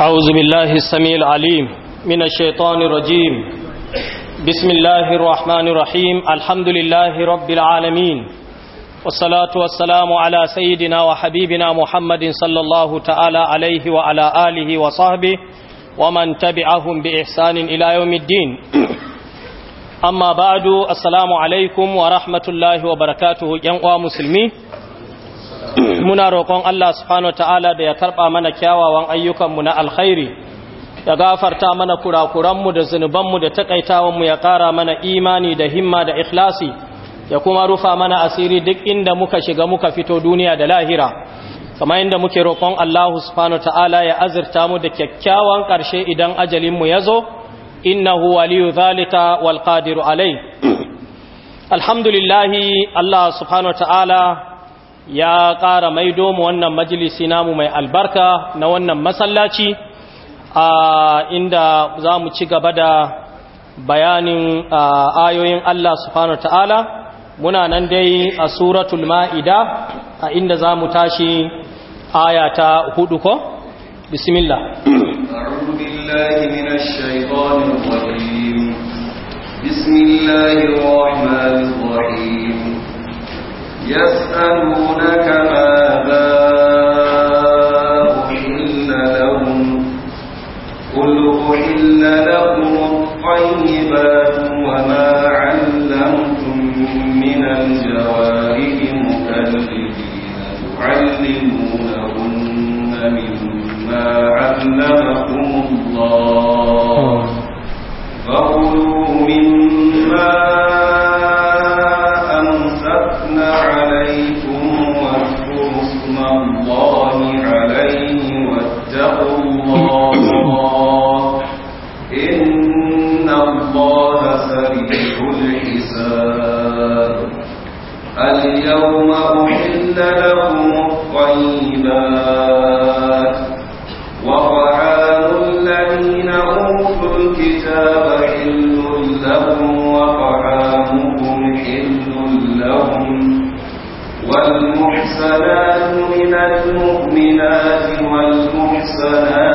أعوذ بالله السميع العليم من الشيطان الرجيم بسم الله الرحمن الرحيم الحمد لله رب العالمين والصلاة والسلام على سيدنا وحبيبنا محمد صلى الله تعالى عليه وعلى آله وصحبه ومن تبعهم بإحسان إلى يوم الدين أما بعد السلام عليكم ورحمة الله وبركاته ينقى مسلمين Mm. muna roƙon Allah subhanahu ta'ala da ya karɓa mana kyawawan ayyukanmu na alkhairi ya gafarta mana kurakuranmu da zunubanmu da taƙaitawanmu ya ƙara mana imani da himma da ikhlasi ya kuma rufa mana asiri duk inda muka shiga muka fito duniya da lahira kamar inda muke roƙon Allah subhanahu ta'ala ya azurta mu da kyakkyawan ƙarshe idan ajalinmu ya zo innahu waliyu zalika wal qadiru alai mm. alhamdulillah Allah subhanahu ta'ala ya ƙara maido mu wannan majalisi namu mai albarka na wannan masallaci a inda za mu ci gaba da bayanin ayoyin Allah subhanahu ta'ala muna nan dai a suratul ma'ida a inda za mu tashi aya ta hudu ko bismillah بسم الله الرحمن الرحيم يسألونك ماذا أحل لهم قل أحل لهم الطيبات وما علمتم من الجوارح مكلفين تعلمونهن مما علمكم الله فأولئك اليوم أحل لكم الطيبات وطعام الذين أوتوا الكتاب حل لهم وطعامكم حل لهم والمحسنات من المؤمنات والمحسنات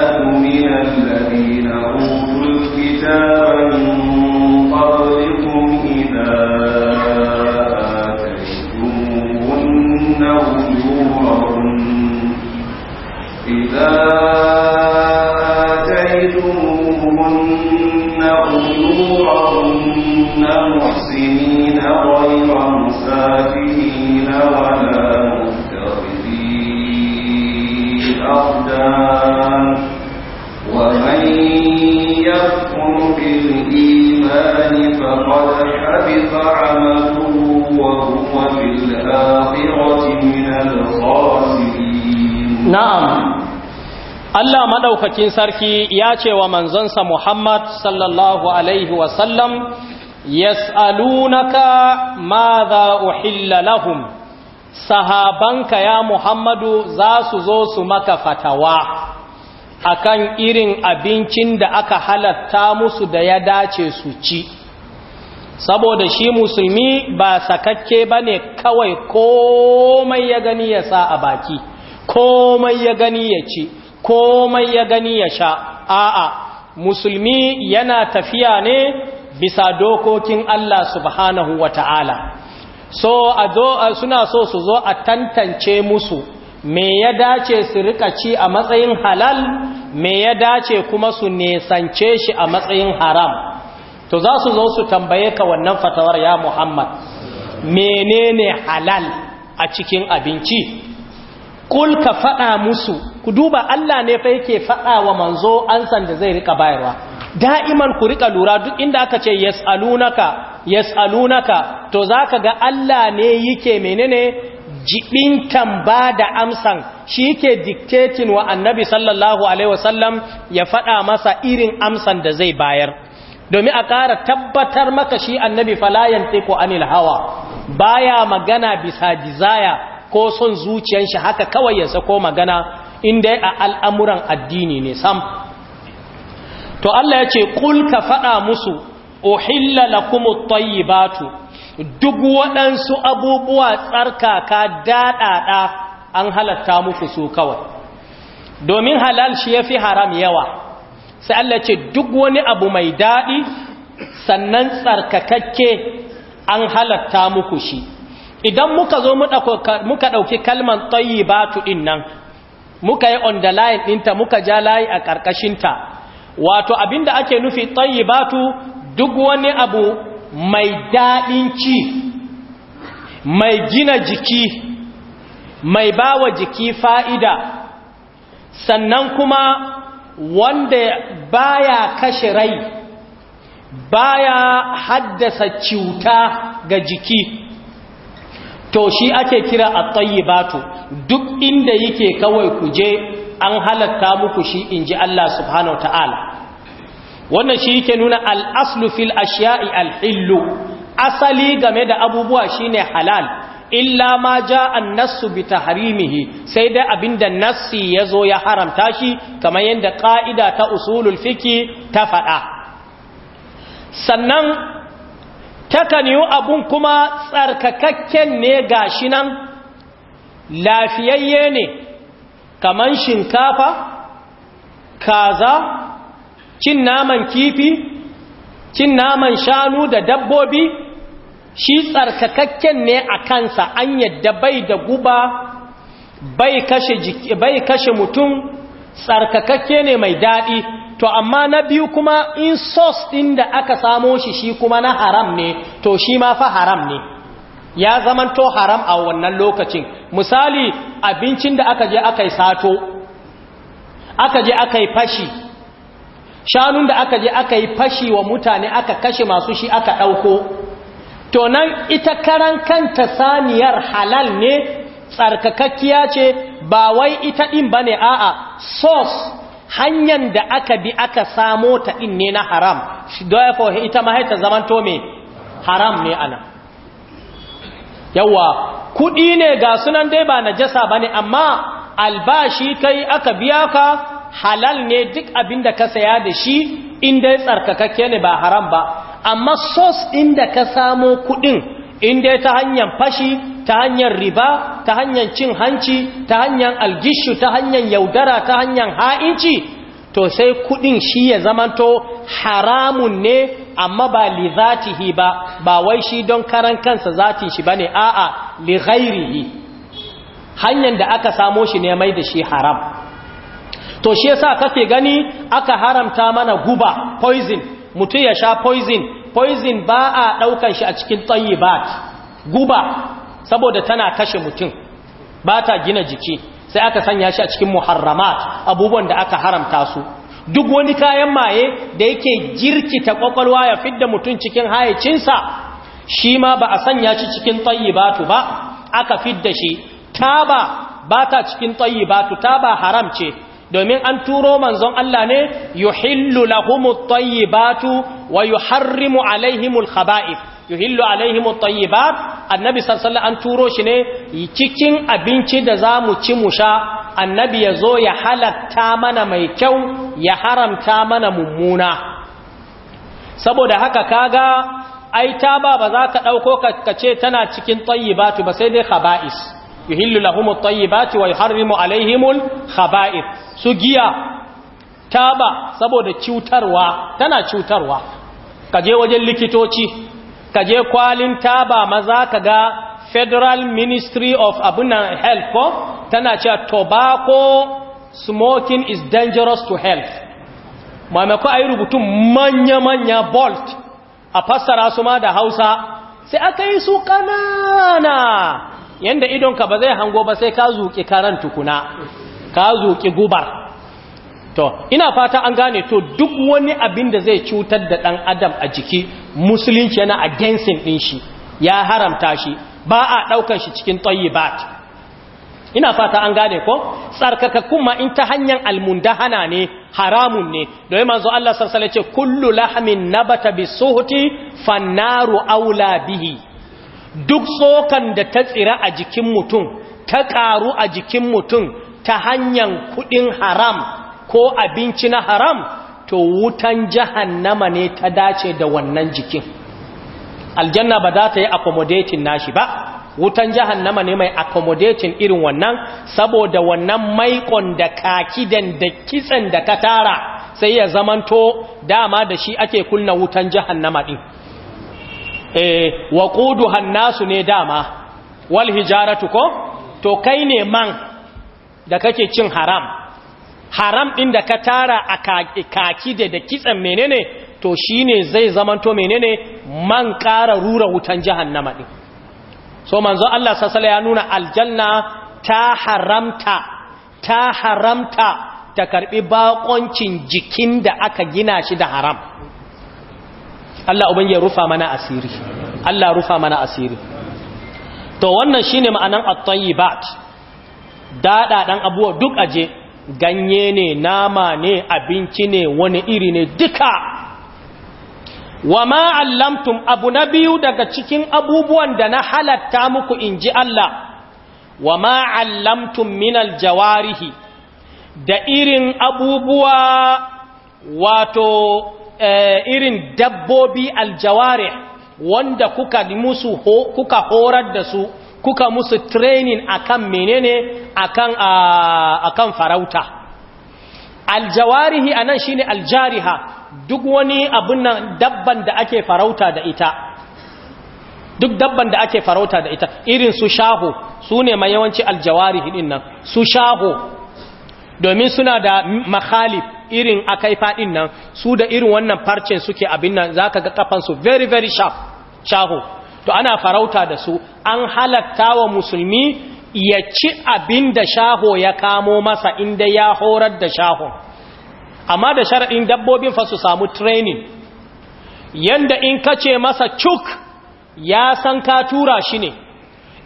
na'am Allah madaukakin sarki ya ce wa manzonsa Muhammad sallallahu alaihi wa sallam yas'alunaka madha uhilla lahum sahabanka ya Muhammadu za su zo su maka fatawa akan irin abincin da aka halatta musu da ya dace su ci saboda shi musulmi ba sakakke bane kawai komai ya gani ya sa a baki komai ya gani ya ci komai ya gani ya sha a'a musulmi yana tafiya ne bisa dokokin Allah subhanahu wata'ala so a zo suna so su zo a tantance musu me ya dace su rika ci a matsayin halal me ya dace kuma su nesance shi a matsayin haram to za su zo su tambaye ka wannan fatawar ya Muhammad menene halal a cikin abinci kul ka faɗa musu ku duba Allah ne fa yake faɗa wa manzo ansan da zai rika bayarwa da'iman ku rika lura duk inda aka ce yas'alunaka yas'alunaka to zaka ga Allah ne yake menene jibin tamba da amsan shi yake dictating wa annabi sallallahu alaihi wasallam ya faɗa masa irin amsan da zai bayar domin a ƙara tabbatar maka shi annabi falayan teku anil hawa baya magana bisa dizaya ko son zuciyar shi haka kawai ya sako magana in dai a al'amuran addini ne sam to Allah ya ce ka faɗa musu uhilla lakumut batu. duk waɗansu abubuwa tsarkaka daɗaɗa an halatta muku su kawai domin halal shi ya fi haram yawa sai Allah ce duk wani abu mai daɗi sannan tsarkakakke an halatta muku shi idan muka zo muka ɗauki kalman tsayi batu ɗin muka yi on the line ɗinta muka ja layi a ƙarƙashinta wato abinda ake nufi tsayi batu duk wani abu mai daɗin ci mai gina jiki mai bawa jiki fa'ida sannan kuma wanda baya kashe rai baya haddasa ciuta ga jiki to shi ake kira at-tayyibatu duk inda yake kawai ku je an halatta muku shi inji Allah subhanahu ta'ala wannan shi yake nuna al-aslu fil ashiya'i al-hillu asali game da abubuwa shine halal illa ma ja annasu bi harimihi, sai dai abinda nassi zo ya haramta shi kamar yadda ƙa'ida ta usulul fiki ta faɗa. sannan takan yi abun kuma tsarkakakken ne gashi nan lafiyayye ne kaman shinkafa kaza cin naman kifi cin naman shanu da dabbobi shi tsarkakakken ne a kansa an yadda bai da guba bai kashe mutum tsarkakakke ne mai daɗi to amma na biyu kuma in sos ɗin da aka samo shi shi kuma na haram ne to shi ma fa haram ne ya zamanto haram a wannan lokacin misali abincin da aka je aka yi sato aka je aka yi fashi shanun da aka je aka yi fashi wa mutane aka kashe masu shi aka ɗauko to nan ita karan kanta saniyar halal ne tsarkakakkiya ce ba wai ita ɗin ba ne a'a sos hanyar da aka bi aka samo ta in ne na haram therefore ita ma haita zaman to me haram ne ana yawa kudi ne ga sunan dai ba najasa bane amma albashi kai aka biya ka halal ne duk abin da ka saya da shi in dai tsarkakakke ne ba haram ba amma sos inda ka samo kudin in dai ta hanyar fashi ta hanyar riba ta hanyar cin hanci ta hanyar algishu ta hanyar yaudara ta hanyar ha'inci to sai kudin shi ya zamanto haramun ne amma ba li zatihi ba ba wai shi don karan kansa zatin shi bane a'a li ghairihi hanyar da aka samo shi ne mai da shi haram to shi yasa kake gani aka haramta mana guba poison Mutu ya sha poison poison ba a ɗaukan shi a cikin ba guba saboda tana kashe mutum ba ta gina jiki sai aka sanya shi a cikin muharramat abubuwan da aka haramta su duk wani kayan maye da yake girkita kwakwalwa ya fidda mutum cikin hayacinsa shi ma ba a sanya shi cikin tsayi ba ba aka fidda shi taba ba ta cikin ba ta ba haram ce domin an turo manzon Allah ne yuhillu lahumut tayyibatu wa yuharrimu alaihimul khaba'ith yuhillu alaihimut tayyibat annabi sallallahu an turo shi ne cikin abinci da zamu ci mu sha annabi yazo ya halatta mana mai kyau ya haramta mana mummuna saboda haka kaga ai ta ba ba za ka dauko ka ce tana cikin tayyibatu ba sai dai khaba'is yuhillu lahum at-tayyibati wa yuharrimu alaihimul khaba'ith su giya taba saboda cutarwa tana cutarwa kaje wajen likitoci kaje kwalin taba maza kaga Federal Ministry of Abuna Health ko tana cewa tobacco smoking is dangerous to health maimako a yi rubutun manya-manya bolt a fassara su ma da hausa sai aka yi su ƙanana yanda idonka ba zai hango ba sai ka zuƙi karan tukuna ka zuƙi gubar to ina fata an gane to duk wani abin da zai cutar da ɗan adam a jiki musulunci yana against ɗin shi ya haramta shi ba a ɗaukar shi cikin tayyibat ina fata an gane ko tsarkaka kuma in ta hanyar almundahana ne haramun ne domin manzo Allah sarsala ce kullu lahamin nabata bisuhti fannaru aula bihi duk tsokan da ta tsira a jikin mutum ta ƙaru a jikin mutum ta hanyar kuɗin haram ko abinci na haram to wutan jahannama ne ta dace da wannan jikin aljanna ba za ta yi accommodating nashi ba wutan jahannama ne mai accommodating irin wannan saboda wannan maikon da kakidan da kitsen da ka tara sai ya zamanto dama da shi ake kunna wutan jahannama din eh wa hannasu hannasu ne dama wal hijaratu ko to kai ne man da kake cin haram haram ɗin da ka tara a kaki da da kitsan menene to shine zai zamanto menene man ƙara rura wutan jahannama din so manzo Allah sassala ya nuna aljanna ta haramta ta haramta ta karbi bakoncin jikin da aka gina shi da haram Allah ubangi ya rufa mana asiri Allah rufa mana asiri to wannan shine ma'anan at-tayyibat dada dan abuwa duk aje ganye ne nama ne abinci ne wani iri ne duka wa ma'allamtun allamtum abu na biyu daga cikin abubuwan da na halatta muku inji Allah wa ma'allamtun allamtum minal jawarihi da irin abubuwa wato Eh, irin dabbobi aljawari wanda kuka musu ho, kuka horar da su kuka musu training akan menene akan ah, akan farauta aljawarihi anan shine aljariha duk wani abun nan dabban da ake farauta da ita duk dabban da ake farauta da ita irin su shaho su ne mai yawanci aljawarihi din su shaho domin suna da makhalif irin akai faɗin nan su da irin wannan farcen suke abin nan za ka ga kafansu very very sharp shaho to ana farauta da su an halatta wa musulmi ya ci abin da shaho ya kamo masa inda ya horar da shaho. amma da sharaɗin dabbobin fa su samu training yanda in ka ce masa cuk ya san ka tura shi ne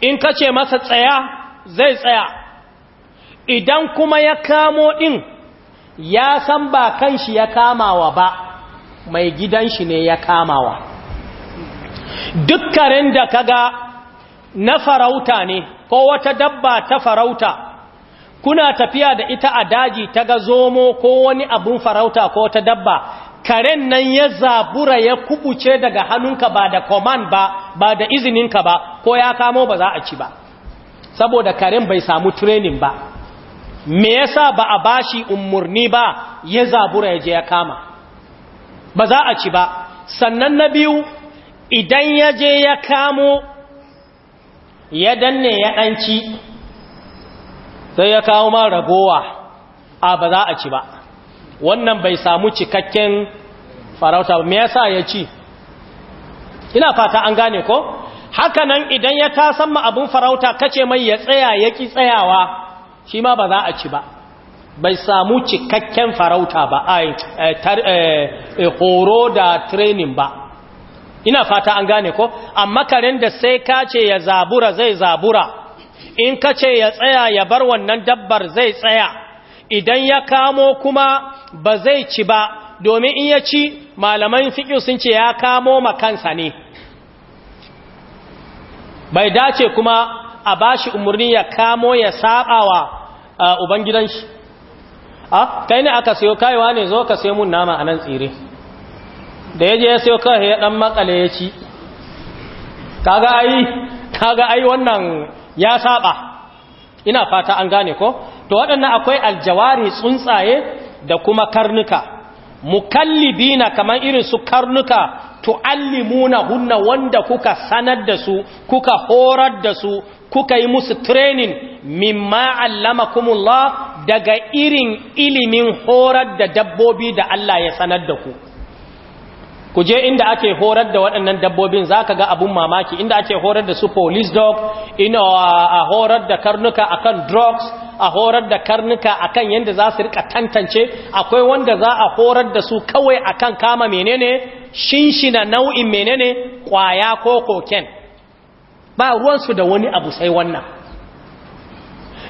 in ka ce masa tsaya zai tsaya idan kuma ya kamo ɗin ya san ba kan shi ya kamawa ba mai gidan shi ne ya kamawa dukkanin da kaga na farauta ne ko wata dabba ta farauta kuna tafiya da ita a daji ta ga zomo ko wani abun farauta ko wata dabba karen nan ya zabura ya kubuce daga hannunka ba da command ba ba da izininka ba ko ya kamo ba za a ci ba saboda karen bai samu training ba me yasa ba a bashi umarni ba ya zabura ya je ya kama ba za a ci ba sannan na biyu idan ya je ya kamo ya danne ya ɗanci sai ya kawo ma ragowa a ba za a ci ba wannan bai samu cikakken farauta ba me yasa ya ci ina fata an gane ko hakanan idan ya tasamma abun farauta kace mai ya tsaya ya ki tsayawa shi ma ba za a ci ba bai samu cikakken farauta ba a eh, eh, eh, horo da training ba ina fata an gane ko amma karen da sai ka ce ya zabura zai zabura in ka ce ya tsaya ya bar wannan dabbar zai tsaya idan ya kamo kuma ba zai ci ba domin in ya ci malaman fiƙi sun ce ya kamo makansa ne bai dace kuma a bashi umarni ya kamo ya wa ubangidan shi a kai ne aka sayo kaiwa ne zo ka sayo mun nama a nan tsire da yaje ya sayo kai ya dan makale ya ci kaga ai kaga ai wannan ya saba ina fata an gane ko to waɗannan akwai aljawari tsuntsaye da kuma karnuka mukallibina kamar irin su karnuka tu'allimuna hunna wanda kuka sanar da su kuka horar da su kuka yi musu training mimma allamakumullah daga irin ilimin horar da dabbobi da Allah ya sanar da ku ku je inda ake horar da waɗannan dabbobin za ka ga abun mamaki inda ake horar da su police dog ina a horar da karnuka akan drugs a horar da karnuka akan yadda za su rika tantance akwai wanda za a horar da su kawai akan kama menene shinshina nau'in menene kwaya ko koken ba ruwansu da wani abu sai wannan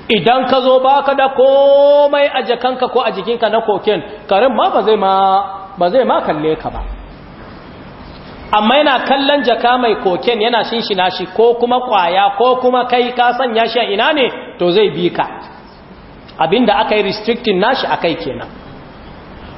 idan ka zo baka da komai a jakanka ko a jikinka na koken karin ma ba zai ma kalle ka ba amma yana kallon jaka mai koken yana shinshina shi ko kuma kwaya ko kuma kai ka sanya shi ina ne to zai bi ka abinda aka yi restricting nashi akai kenan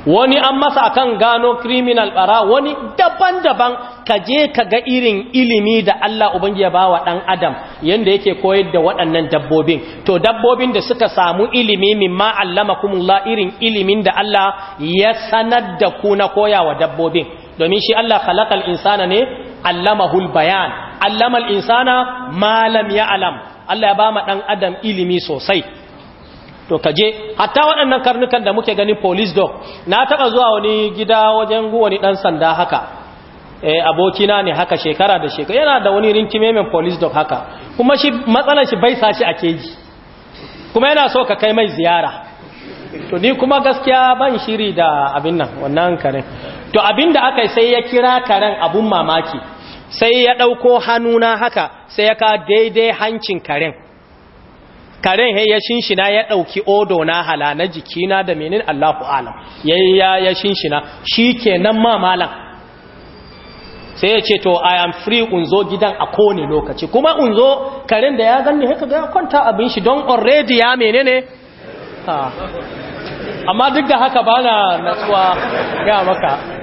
wani an masa akan gano criminal bara wani daban-daban ka je ka ga irin ilimi da Allah ubangi ya bawa dan adam yanda yake koyar da waɗannan dabbobin to dabbobin da suka samu ilimi mimma allamakumullah irin ilimin da Allah ya sanar da ku na koyawa dabbobin domin shi Allah khalaqal insana ne allamahul bayan allamal insana ma lam ya'lam Allah ya ba ma dan adam ilimi sosai to je, hatta waɗannan karnukan da muke ganin police dog na taɓa zuwa wani gida wajen wani ɗan sanda haka e, abokina ne haka shekara da shekara yana da wani rinkimemen police dog haka kuma shi matsalar shi bai sashi a keji kuma yana so ka kai mai ziyara to ni kuma gaskiya ban shiri da abin nan wannan karen to abin da aka yi sai ya kira karen abun mamaki sai ya ɗauko hannuna haka sai ya ka daidai hancin karen karen he ya shinshina ya ɗauki odo na hala na jiki na da menin Allahu alam ya ya ya shinshina shi kenan ma malam sai ya ce to I am free unzo gidan a kone lokaci kuma unzo karen da ya ganni haka ga kwanta abin shi don already ya menene amma duk da haka ba na natsuwa ya maka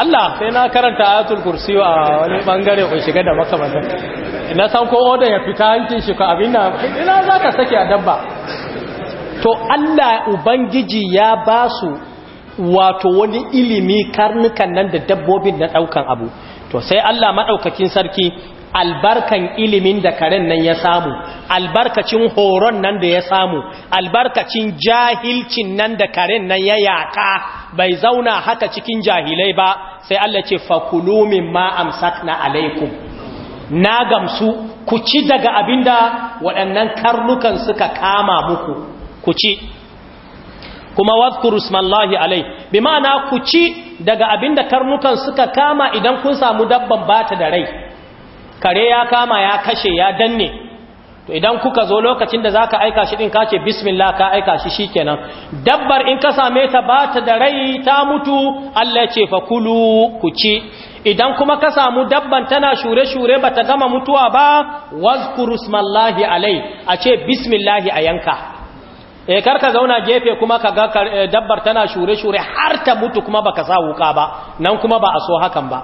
Allah sai na karanta ayatul kursi a wani bangare ko shiga da makamantan ina san ko oda ya fita hankin shi ko abin ina zaka sake a dabba to Allah ubangiji ya ba su wato wani ilimi karnukan nan da dabbobin na daukan abu to sai Allah madaukakin sarki albarkan ilimin da karen nan ya samu albarkacin horon nan da ya samu albarkacin jahilcin nan da karen nan ya yaka bai zauna haka cikin jahilai ba sai Allah ce fakulumin na alaikum na gamsu ku ci daga abinda waɗannan karnukan suka kama muku ku ci kuma wadhkuru smallahi alai bi ma'ana ku ci daga abinda karnukan suka kama idan kun samu dabban bata da rai kare ya kama ya kashe ya danne to idan kuka zo lokacin da zaka aika shi din ce bismillah ka aika shi shikenan dabbar in ka same ta bata da rai ta mutu Allah ya ce fa kulu ku ci idan kuma ka samu dabban tana shure-shure bata gama mutuwa ba wazkuru smallahi alai a ce bismillahi a yanka e eh, karka zauna gefe kuma ka ga eh, dabbar tana shure-shure har ta mutu kuma baka sa wuka ba nan kuma ba a so hakan ba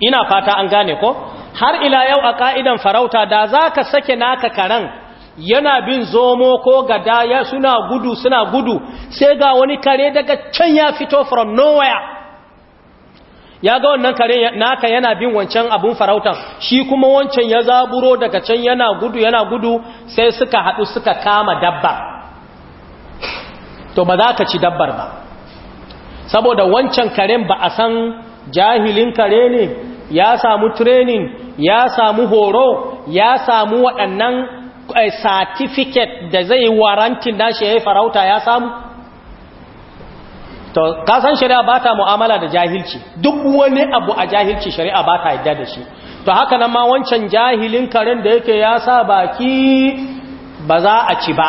ina fata an gane ko har ila yau a ka'idan farauta da za ka sake naka karen yana bin zomo ko ya suna gudu suna gudu sai ga wani kare daga can ya fito from nowhere ya ga wannan kare naka yana bin wancan abun farauta shi kuma wancan ya zaburo daga can yana gudu yana gudu sai suka haɗu suka kama dabba. to ba za ka ci dabbar ba saboda wancan karen ba a san jahilin kare ne ya samu training ya samu horo ya samu waɗannan eh, certificate da zai warantin nashi ya farauta ya samu to kasan shari'a ba ta mu'amala da jahilci duk wani abu a jahilci shari'a ba ta yadda da shi to haka nan ma wancan jahilin karen da yake ya sa baki ba za a ci ba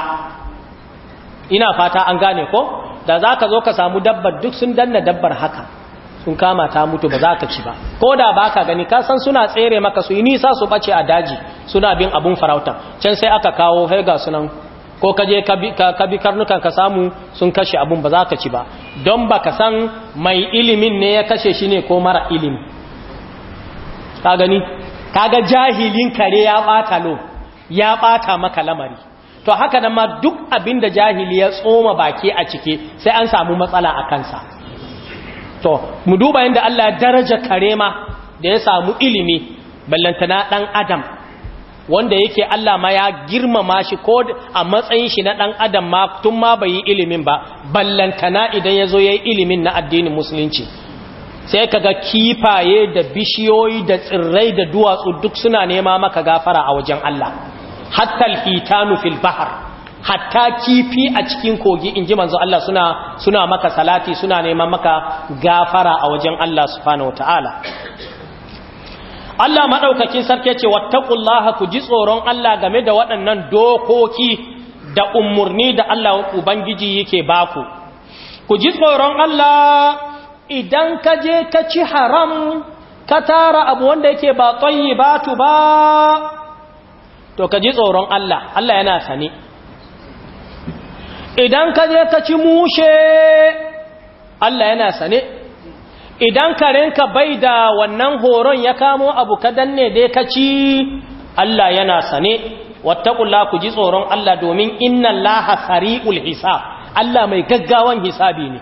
ina fata an gane ko da za ka zo ka samu dabbar duk sun danna dabbar haka sun kama ta mutu ba za ka ci ba ko da ba ka gani ka san suna tsere maka su yi nisa su bace a daji suna bin abun farauta can sai aka kawo haiga sunan ko ka je ka bi karnukan ka samu sun kashe abun ba za ka ci ba don ba ka san mai ilimin ne ya kashe shi ne ko mara ilimi ka gani Ka ga jahilin kare ya bata lo ya bata maka lamari to haka nan ma duk abin da jahili ya tsoma baki a cike sai an samu matsala a kansa to mu duba yadda Allah ya daraja karema da ya samu ilimi ballantana dan adam wanda yake Allah ma ya girmama shi ko a matsayin shi na dan adam ma tun ma bai yi ilimin ba ballantana idan yazo yayi ilimin na addinin musulunci sai kaga kifaye da bishiyoyi da tsirrai da duwatsu duk suna nema maka gafara a wajen Allah hatta al-hitanu fil bahr hatta kifi a cikin kogi in ji manzo Allah suna suna maka salati suna neman maka gafara a wajen Allah subhanahu wataala Allah madaukakin sarki yace wattaqullaha ku ji tsoron Allah game da waɗannan dokoki da umurni da Allah ubangiji yake baku ku ji tsoron Allah idan ka je ka ci haram ka tara abu wanda yake ba tsayi ba ba to ka ji tsoron Allah Allah yana sani idan ka je ka ci mushe Allah yana sane idan karenka bai da wannan horon ya kamo abu ka danne dai ka ci Allah yana sane wattaqulla ku ji tsoron Allah domin inna Allaha sari'ul hisab Allah mai gaggawan hisabi ne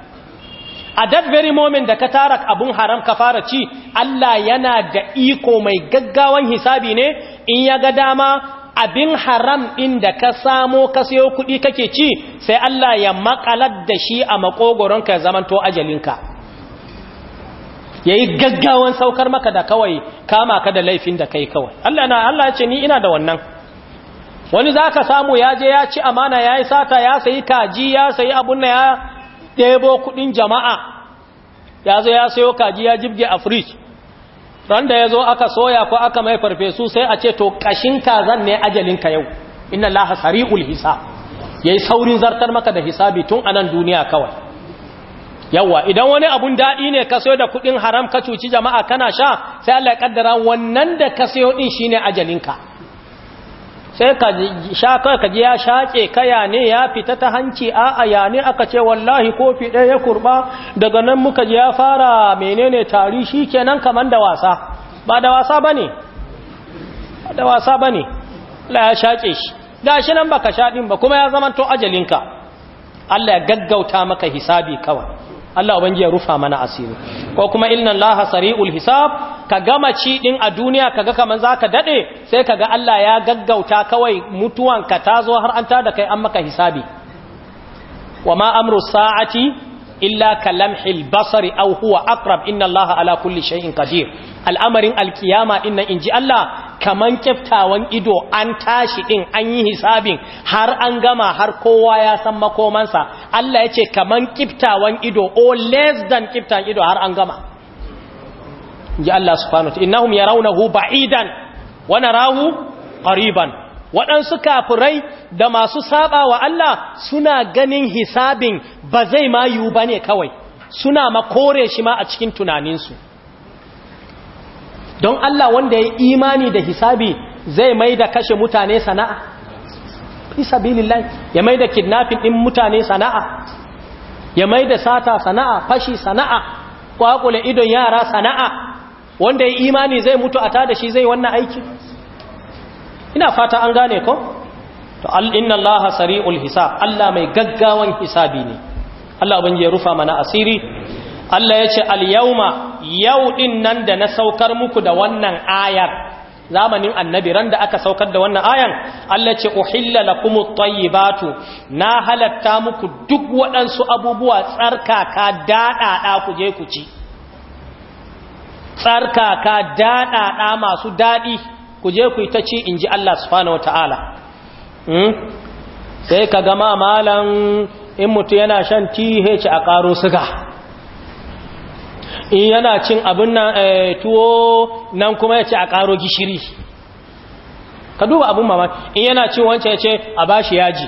a that very moment da ka tara abun haram ka fara ci Allah yana da iko mai gaggawan hisabi ne in ya ga dama abin haram ɗin da ka samo ka sayo kuɗi kake ci sai Allah ya makalar da shi a makogoronka ya zamanto ajalinka ya yi gaggawan saukar maka da kawai kama ka da laifin da kai kawai Allah na Allah ce ni ina da wannan wani za ka samu ya je ya ci amana ya yi sata ya sayi kaji ya sayi abun na ya debo kuɗin jama'a ya zo ya sayo kaji ya jibge a fridge ran da ya zo aka soya ko aka mai farfesu sai a ce to kashin zan ne ajalinka yau inna laha sari'ul hisab yayi saurin zartar maka da hisabi tun anan duniya kawai yawa idan wani abun daɗi ne ka sayo da kudin haram ka cuci jama'a kana sha sai Allah ya kaddara wannan da ka sayo din shine ajalinka sai ka sha kai ka ji ya shaƙe kaya ne ya fita ta hanci a aya ne aka ce wallahi kofi ɗaya ya kurɓa daga nan muka ji ya fara menene tari shi kenan kaman da wasa ba da wasa ba da wasa ba ne ya shaƙe shi ga shi nan baka shaɗi ba kuma ya zamanto ajalinka Allah ya gaggauta maka hisabi kawai Allah ubangi ya rufa mana asiri ko kuma inna laha sari'ul hisab ka gama ci din a duniya kaga kaman zaka dade sai kaga Allah ya gaggauta kawai mutuwan ka tazo har an tada kai an maka hisabi ma amru sa'ati illa kalamhil basari aw huwa aqrab inna allaha ala kulli shay'in qadir al'amarin alkiyama inna inji Allah kaman kiftawan ido an tashi din an yi hisabin har an gama har kowa ya san makomansa Allah yace kaman kiftawan ido o less than ido har an gama inji Allah subhanahu innahum yarawnahu ba'idan wa narahu qariban waɗansu kafirai da masu saba wa Allah suna ganin hisabin ba zai ma yiwu ba ne kawai suna makore shi ma a cikin tunaninsu don Allah wanda ya imani da hisabi zai mai da kashe mutane sana'a ya mai da kidnapping ɗin mutane sana'a ya mai da sata sana'a fashi sana'a kwakule idon yara sana'a wanda ya imani zai mutu a tada shi zai wannan aiki? ina fata an gane ko to inna allaha sari'ul hisab Allah mai gaggawan hisabi ne Allah abin ya rufa mana asiri Allah ya ce al-yauma yau din nan da na saukar muku da wannan ayar zamanin annabi ran da aka saukar da wannan ayan Allah ce uhilla lakumut tayyibatu na halatta muku duk waɗansu abubuwa tsarkaka daɗaɗa ku je ku ci tsarkaka daɗaɗa masu daɗi ku je ku yi ta ci in ji Allah subhanahu wata'ala hmm? sai ka gama malan in mutu yana shan th a ƙaro suga. in yana cin abin nan eh, tuwo nan kuma ya ce a ƙaro gishiri ka duba abin mamaki in yana cin wancan ya ce a bashi yaji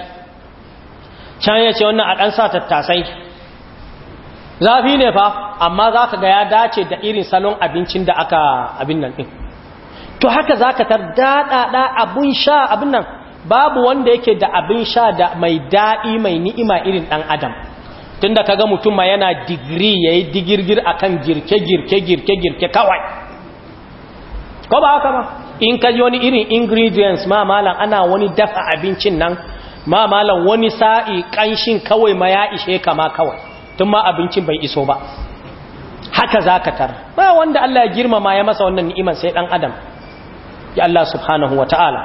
can ya ce wannan a ɗan sa tattasai zafi ne fa amma za ka ga ya dace da irin salon abincin da aka abin nan ɗin to haka za ka tardaɗaɗa abun sha abin nan babu wanda yake da abin sha da mai daɗi mai ni'ima irin ɗan adam tun da ka ga mutum ma yana digiri ya yi digirgir a kan girke-girke-girke-girke kawai ko ba haka ba in ka wani irin ingredients ma malam ana wani dafa abincin nan ma malam wani sa'i ƙanshin kawai ma ya ishe ka ma kawai tun ma abincin bai iso ba haka za ka tar ba wanda Allah ya girmama ya masa wannan ni'imar sai ɗan adam ya Allah subhanahu wa ta'ala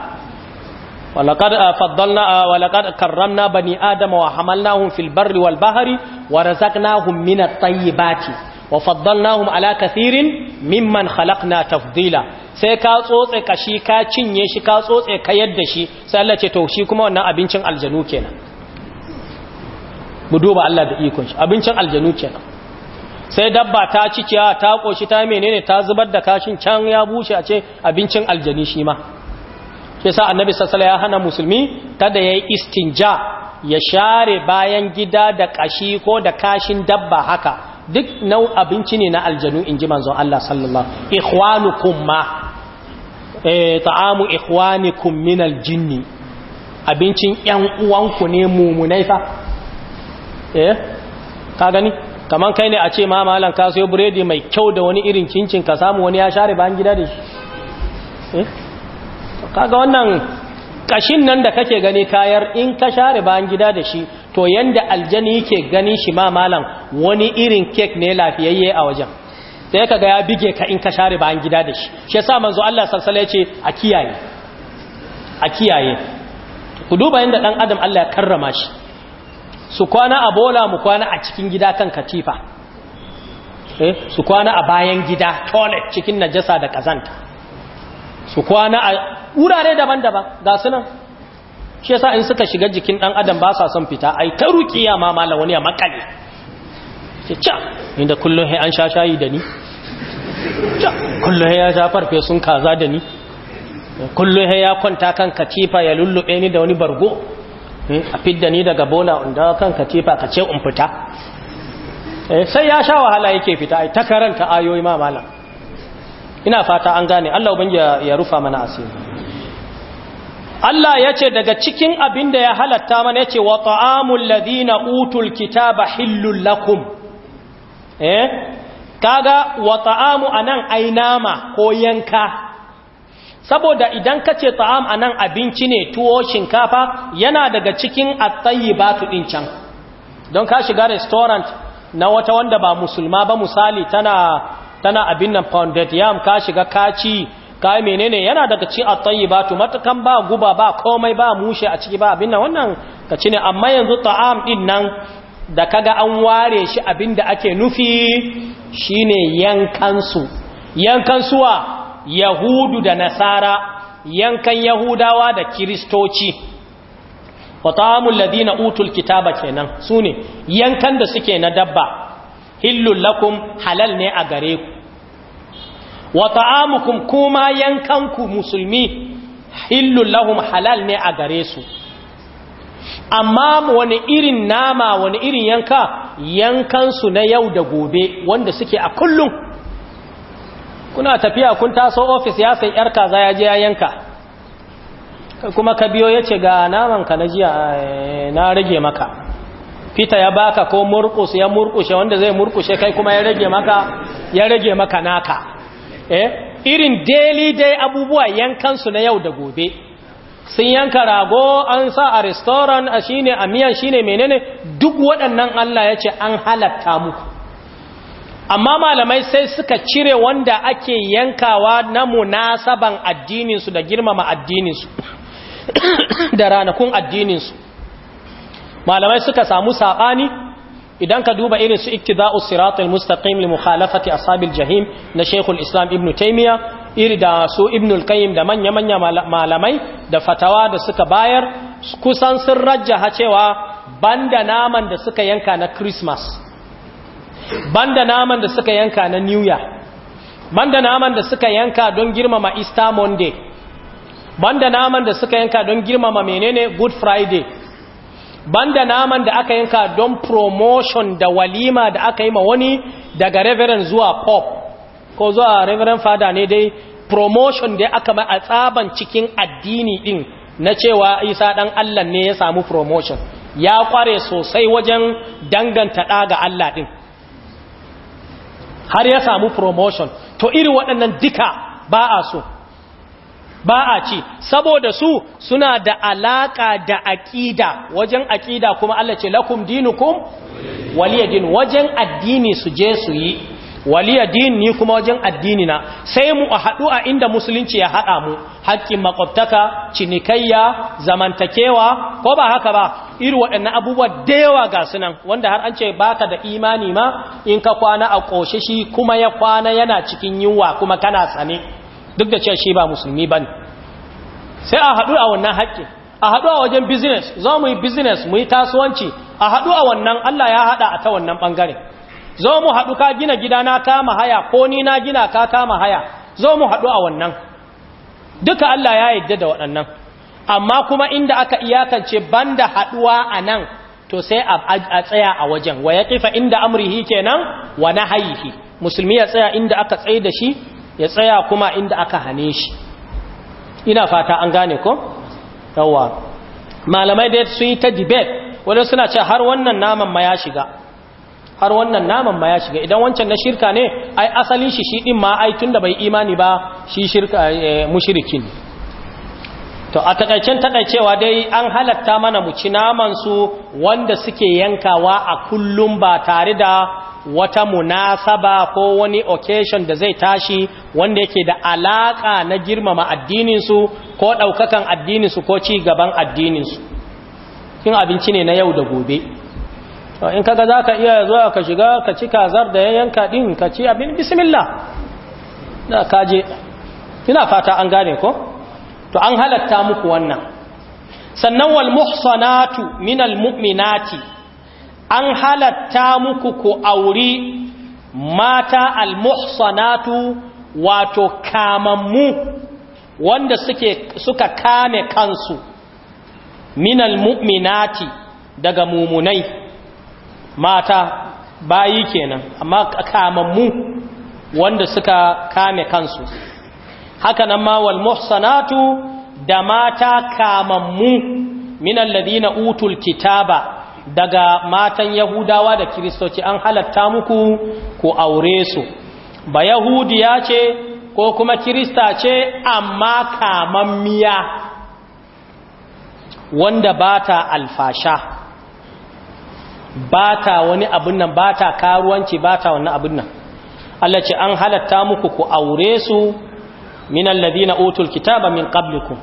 uh, uh, adama فضلنا ولقد كرمنا بني آدم wa في البر mina ورزقناهم من الطيبات وفضلناهم على كثير ممن خلقنا sai ka tsotse shi ka cinye shi ka tsotse ka yadda shi sai Allah ce to shi kuma wannan abincin aljanu kenan mu duba Allah da ikon shi abincin aljanu kenan sai dabba ta ci ciya ta koshi ta menene ta zubar da kashin can ya bushe a ce abincin aljani shi ma shi sa annabi sassala ya hana musulmi kada ya yi istinja ya share bayan gida da kashi ko da kashin dabba haka duk nau abinci ne na aljanu in ji manzon Allah sallallahu ikhwanukum ma eh ta'amu ikhwanikum min aljinni abincin yan uwanku ne mummunai fa eh ka gani kaman kai ne a ce ma malam ka sayo buredi mai kyau da wani irin cincin ka samu wani ya share bayan gida da shi eh kaga wannan kashin nan da kake gani kayar in ka share bayan gida da shi to yanda aljani yake gani shi ma wani irin kek ne lafiyayye a wajen sai kaga ya bige ka in ka share bayan gida da shi shi yasa manzo Allah sallallahu alaihi wasallam ya ce a kiyaye a kiyaye ku duba yanda dan adam Allah ya karrama shi su kwana a bola mu kwana a cikin gida kan katifa eh, su kwana a bayan gida toilet cikin najasa da kazanta su kwana a wurare daban-daban ga sunan shi yasa in suka shiga jikin dan adam ba sa son fita ai ta ruqiya ma mala wani ya makale ce cha inda kullum he an shashayi da ni cha kullum he ya farfe sun kaza da ni Kullum he ya kwanta kan katifa ya lullube ni da wani bargo Hmm? a fidda ni daga bola inda kan katifa ka ce in fita eh, sai ya sha wahala yake fita ai ta karanta ayoyi ma malam ina fata an gane Allah ubangi ya rufa mana asiri Allah ya ce daga cikin abin da ya halatta mana ya ce wa ta'amul ladina utul kitaba hillul lakum eh kaga wa ta'amu anan ainama ko yanka saboda idan ka ce ta'am a nan abinci ne tuwo shinkafa yana daga cikin attayi ba ɗin can don ka shiga restaurant na wata wanda ba musulma ba misali tana, tana abin nan pounded yam ka shiga kaci ka yi menene yana daga ci attayi ba tu matakan ba guba ba komai ba mushe a ciki ba abin nan wannan ka ci ne amma yanzu ta'am ɗin nan da kaga an ware shi abin da ake nufi shine yankansu yankansuwa yahudu da nasara yankan yahudawa da kiristoci wa ta'amul ladina utul kitaba kenan sune yankan da suke na dabba hillul lakum halal ne a gare ku wa ta'amukum kuma yankan ku musulmi hillul lahum halal ne a gare su amma wani irin nama wani irin yanka yankan su na yau da gobe wanda suke a kullum kuna tafiya kun taso ofis ya san yar kaza ya je ya yanka kuma ka biyo yace ga naman ka na jiya eh, na rage maka fita ya baka ko murkus ya murkushe wanda zai murkushe kai kuma ya rage maka ya rage maka naka eh irin daily day abubuwa yankan su na yau da gobe sun yanka rago an sa a restaurant a shine a miyan shine menene duk waɗannan Allah yace an halatta muku amma malamai sai suka cire wanda ake yankawa na munasaban addininsu da girmama addininsu da ranakun addininsu malamai suka samu saɓani idan ka duba irin su iktida'u siratul mustaqim li mukhalafati ashabil jahim na shaykhul islam ibn taymiya iri da su ibn al-qayyim da manya manya malamai da fatawa da suka bayar kusan sun rajjaha cewa banda naman da suka yanka na christmas banda naman da suka yanka na new year banda naman da suka yanka don girmama easter monday banda naman da suka yanka don girmama menene good friday banda naman da aka yanka don promotion da walima da aka yi ma wani daga reverend zuwa pop ko zuwa reverend father ne dai promotion da aka ma a tsaban cikin addini din na cewa isa dan allah ne ya samu promotion ya kware sosai wajen danganta ɗaga allah din har ya samu promotion to iri waɗannan duka ba a so ba a ci saboda su suna da alaka da aƙida wajen aƙida kuma Allah ce lakum dinukum waliyadin wajen addini su je su yi waliya din ni kuma wajen addini na sai mu a haɗu a inda musulunci ya haɗa mu hakkin makwabtaka cinikayya zamantakewa ko ba haka ba iri waɗannan abubuwa da yawa ga sunan wanda har an ce baka da imani ma in ka kwana a ƙoshe shi kuma ya kwana yana cikin yunwa kuma kana tsane duk da cewa shi ba musulmi bane sai a haɗu a wannan haƙƙin a haɗu a wajen business za mu yi business mu yi kasuwanci a haɗu a wannan Allah ya haɗa a ta wannan ɓangaren zo mu haɗu ka gina gida na kama haya ko ni na gina ka kama haya zo mu haɗu a wannan duka Allah ya yadda da waɗannan amma kuma inda aka iyakance banda haɗuwa a nan to sai a tsaya a wajen wa ya kifa inda amrihi nan wa na haihi? musulmi ya tsaya inda aka tsaye da shi ya tsaya kuma inda aka hane shi ina fata an gane ko yawa malamai da su yi ta debate wani suna ce har wannan naman ma ya shiga har wannan naman ma ya shiga idan wancan na shirka ne ai asalin shi shi din ma ai tunda bai imani ba shi shirka eh, mushrikin to a takaicen takaicewa dai an halatta mana mu ci naman su wanda suke yankawa a kullum ba tare da wata munasaba ko wani occasion da zai tashi wanda yake da alaka na girmama addininsu ko ɗaukakan addininsu ko ci gaban addininsu kin abinci ne na yau da gobe in kaga za ka iya zuwa ka shiga ka ci kazar da ya yanka ɗin ka ci abin bismillah da kaje ina fata an gane ko to an halatta muku wannan sannan wal muhsanatu minal mu'minati an halatta muku ku auri mata al muhsanatu wato kamammu wanda suke suka kame kansu minal mu'minati daga mumunai mata bayi kenan amma kamammu wanda suka kame kansu haka nan ma wal muhsanatu da mata kamammu min alladhina utul kitaba daga matan yahudawa da kiristoci an halatta muku ku aure su ba yahudiya ce ko kuma kirista ce amma kamammiya wanda bata alfasha ba ta wani abin nan ba ta karuwanci ba ta wani abin nan Allah ce an halatta muku ku aure su min alladhina utul kitaba min qablikum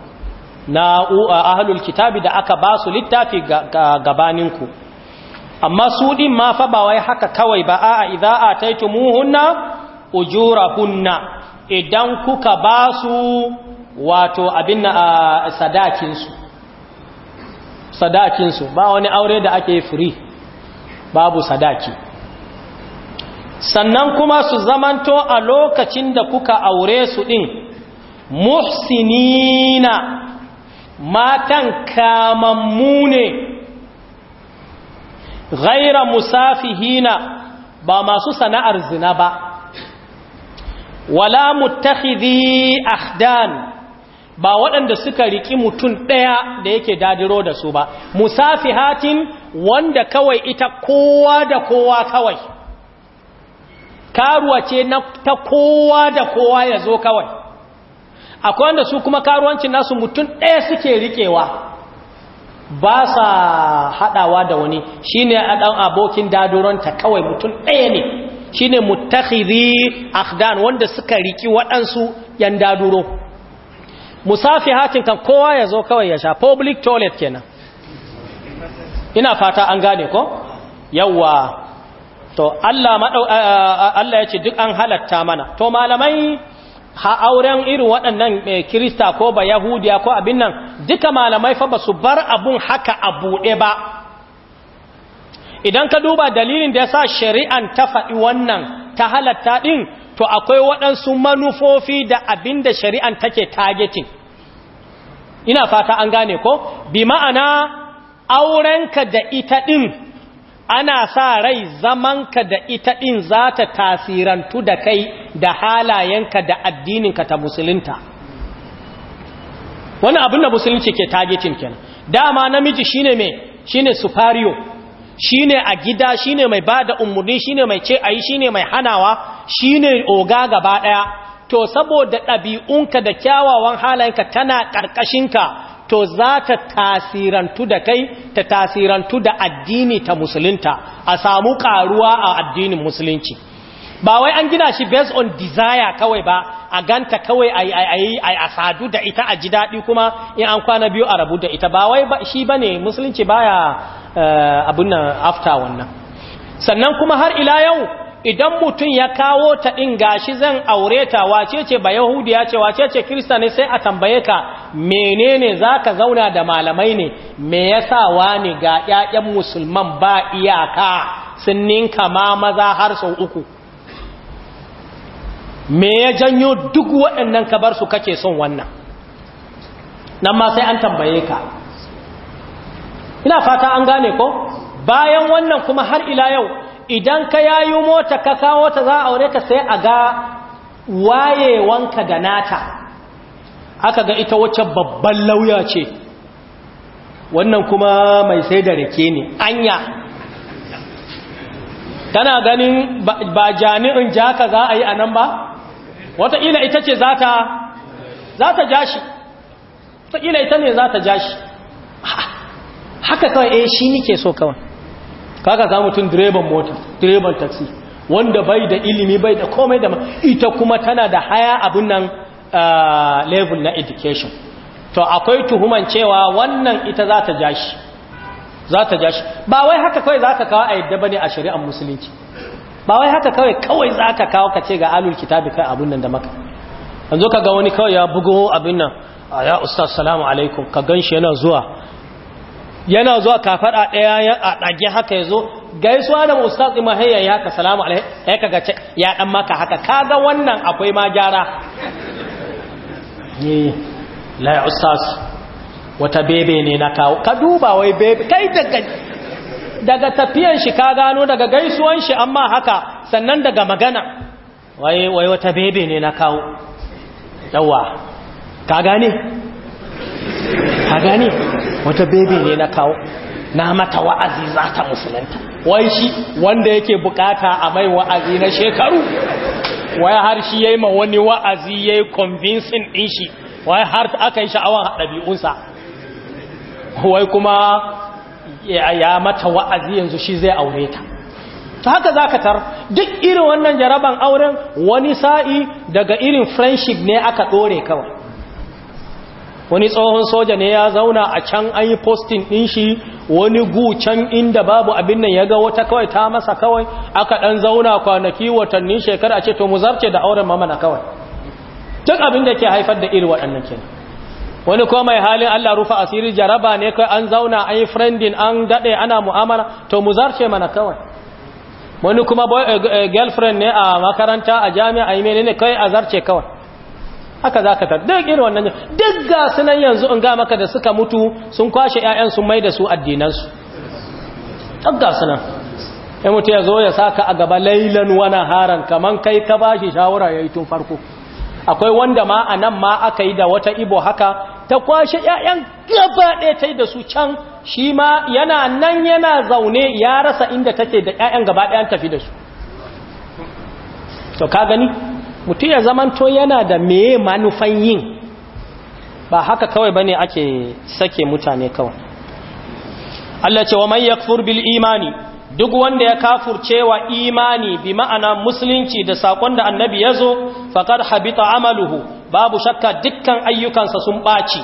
na ahlul kitabi da aka ba su littafi gabaninku amma su din ma fa ba wai haka kawai ba a'a idza ataytumuhunna ujurahunna idan kuka ba su wato abin sadakinsu su ba wani aure da ake free babu sadaki sannan kuma su zamanto a lokacin da kuka aure su ɗin muhsinina matan kamammu ne ghaira musafihina ba masu sana'ar zina ba wala muttakhidhi ahdan ba waɗanda suka riki mutum ɗaya da yake dadiro da su ba musafihatin wanda kawai ita kowa da kowa kawai karuwa ce na ta kowa da kowa ya zo kawai akwai wanda su kuma karuwancin nasu mutum ɗaya suke riƙewa ba sa haɗawa da wani shi ne ɗan abokin daduronta kawai mutum ɗaya ne shi ne mutakhiri akhdan wanda suka riƙi waɗansu yan daduro musafi hatin kan kowa ya zo kawai ya sha public toilet kenan ina fata an gane ko yawa to Allah madau eh, eh, Allah yace duk an halatta mana to malamai ha auren irin waɗannan eh, kirista ko ba yahudiya ko abin nan duka malamai fa ba su bar abun haka a buɗe ba idan ka duba dalilin da ya sa shari'an ta faɗi wannan ta halatta ɗin to akwai waɗansu manufofi da abin da shari'an take targeting ina fata an gane ko bi ma'ana aurenka da ita ɗin ana sa rai zamanka da ita ɗin za ta tasirantu da kai da halayenka da addininka ta musulunta wani abin da musulunci ke targetin kenan dama namiji shine mai shine superior shine a gida shine mai bada umurni shine mai ce ayi shine mai hanawa shine oga gaba daya to saboda ɗabi'unka da kyawawan halayenka tana ƙarƙashinka to za ta tasirantu da kai ta tasirantu da addini ta musulunta a samu karuwa a addinin musulunci ba wai an gina shi based on desire kawai ba a ganta kawai a sadu da ita a ji daɗi kuma in an kwana biyu a rabu da ita ba wai shi bane ne musulunci baya eh, abin nan after wannan sannan kuma har ila yau idan mutum ya kawo ta ɗin gashi zan aure ta wace ce ba yahudiya ce wace ce kirista ne sai a tambaye ka menene za ka zauna da malamai ne me yasa wani ga 'ya'yan musulman ba iyaka sun ninka ma maza har sau uku me ya janyo duk waɗannan ka bar su kake son wannan nan ma sai an tambaye ka ina fata an gane ko bayan wannan kuma har ila yau idan ka yayu mota ka kawo ta za a aure ka sai a ga wayewanka da nata aka ga ita wacce babban lauya ce wannan kuma mai sai da rike ne anya tana ganin ba jami'in jaka za a yi a nan ba wataƙila ita ce za ta ja shi wataƙila ita ne za ta ja shi haka kawai eh shi nike so kawai kaka za mutum direban mota direban taxi wanda bai da ilimi bai da komai da ita kuma tana da haya abun nan ah, level na education to akwai tuhuman cewa wannan ita za ta jashi za ta jashi ba wai haka kawai za ka kawo a yadda bane a shari'ar musulunci ba wai haka kawai kawai za ka kawo ka ce ga alul kitabi kai abun nan da maka yanzu ka ga wani kawai ya bugo abin nan ah, ya ustaz salamu alaikum ka ganshi yana zuwa yana zuwa kafaɗa ɗaya a ɗage haka ya zo gaisuwa da ustaz imahiyya ya haka salamu alaihi ya kaga ya ɗan maka haka kaga wannan akwai ma gyara ne la ya ustaz wata bebe ne na kawo ka duba wai bebe kai daga daga tafiyan shi ka gano daga gaisuwan shi amma haka sannan daga magana wai wai wata bebe ne na kawo yawa ka gane ka gane wata bebe ne na kawo na mata wa'azi za ta musulunta wai shi wanda yake bukata a mai wa'azi na shekaru wai har shi ya yi ma wani wa'azi ya yi convincing ɗin shi wai har aka yi sha'awar ɗabi'unsa wai kuma ya mata wa'azi yanzu shi zai aure ta ta haka za ka tar duk irin wannan jaraban auren wani sa'i daga irin friendship ne aka ɗore kawai wani tsohon soja ne ya zauna a can an yi postin ɗin shi wani gu can inda babu abin nan ya ga wata kawai ta masa kawai aka ɗan zauna kwanaki watanni shekara a ce to mu zarce da auren mamana kawai duk abin da ke haifar da iri waɗannan ke wani ko mai halin Allah rufa asiri jaraba ne kai an zauna an yi friendin an daɗe ana mu'amala to mu zarce mana kawai wani kuma boy eh, eh, girlfriend ne a makaranta a jami'a a yi menene kai a zarce kawai haka za ka tar duk irin wannan duk ga sunan yanzu in ga maka da suka mutu sun kwashe 'ya'yan sun mai da su addinansu duk ga sunan ya mutu ya zo ya saka a gaba lailan wani haran kaman kai ka ba shi shawara ya yi tun farko akwai wanda ma a nan ma aka yi da wata ibo haka ta kwashe 'ya'yan gaba ɗaya ta yi da su can shi ma yana nan yana zaune ya rasa inda take da 'ya'yan gaba ɗayan tafi da su to ka gani mutum ya zamanto yana da meye manufan yin ba haka kawai bane ake sake mutane kawai Allah ce wa man yakfur bil imani duk wanda ya kafurcewa imani bi ma'ana musulunci da sakon da annabi yazo faqad habita amaluhu babu shakka dukkan ayyukansa sun baci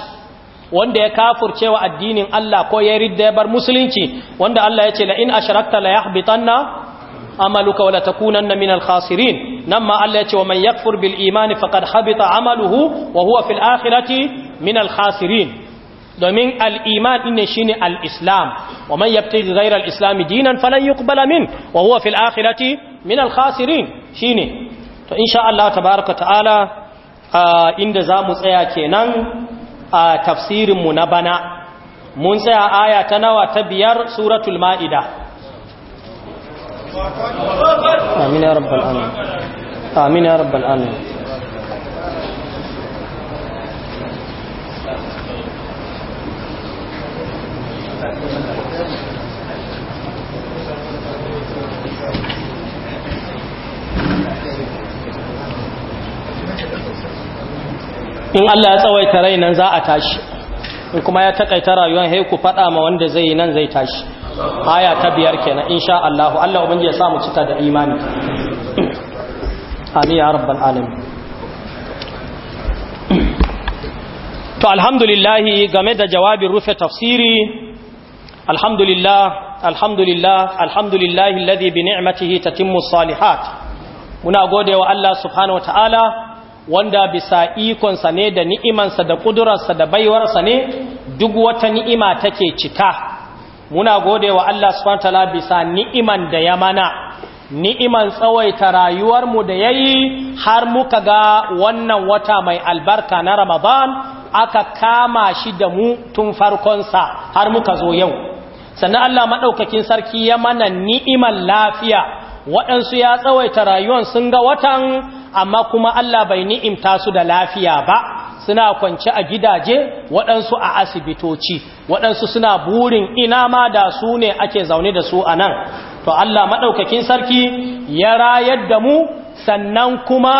wanda ya kafurcewa addinin Allah ko ya ridda ya bar musulunci wanda Allah ya ce la in ashrakta la yahbitanna amaluka wala takunanna minal khasirin nan ma Allah ya ce wa man yakfur bil imani faqad habita amaluhu wa huwa fil akhirati minal khasirin domin al'iman ɗin shine al'islam wa man yabtaghi ghayra al-islam dinan falan yuqbala min wa huwa fil akhirati min khasirin shine to insha Allah tabaaraka ta'ala inda zamu tsaya kenan a tafsirin mu na bana mun tsaya aya ta nawa ta biyar suratul ma'ida آمين يا رب العالمين آمين يا رب العالمين in Allah ya tsawaita rai nan za a tashi in kuma ya takaita rayuwan haiku faɗa ma wanda zai nan zai tashi aya ta biyar kenan insha Allah Allah ubangiji ya samu cika da imani amin ya rabbal alamin to alhamdulillah game da jawabin rufe tafsiri alhamdulillah alhamdulillah alhamdulillah alladhi bi ni'matihi tatimmu salihat muna godewa Allah subhanahu wataala wanda bisa ikonsa ne da ni'imansa da kudurarsa da baiwarsa ne duk wata ni'ima take cika muna gode wa Allah subhanahu bisa ni'iman da ya mana ni'iman tsawaita rayuwarmu da yayi har muka ga wannan wata mai albarka na Ramadan aka kama shi da mu tun farkon sa har muka zo yau sannan Allah madaukakin sarki ya mana ni'iman lafiya waɗansu ya tsawaita rayuwar sun ga watan amma kuma Allah bai ni'imta su da lafiya ba suna kwance a gidaje waɗansu a asibitoci waɗansu suna burin ina ma da su ne ake zaune da su a nan to Allah maɗaukakin sarki ya rayar da mu sannan kuma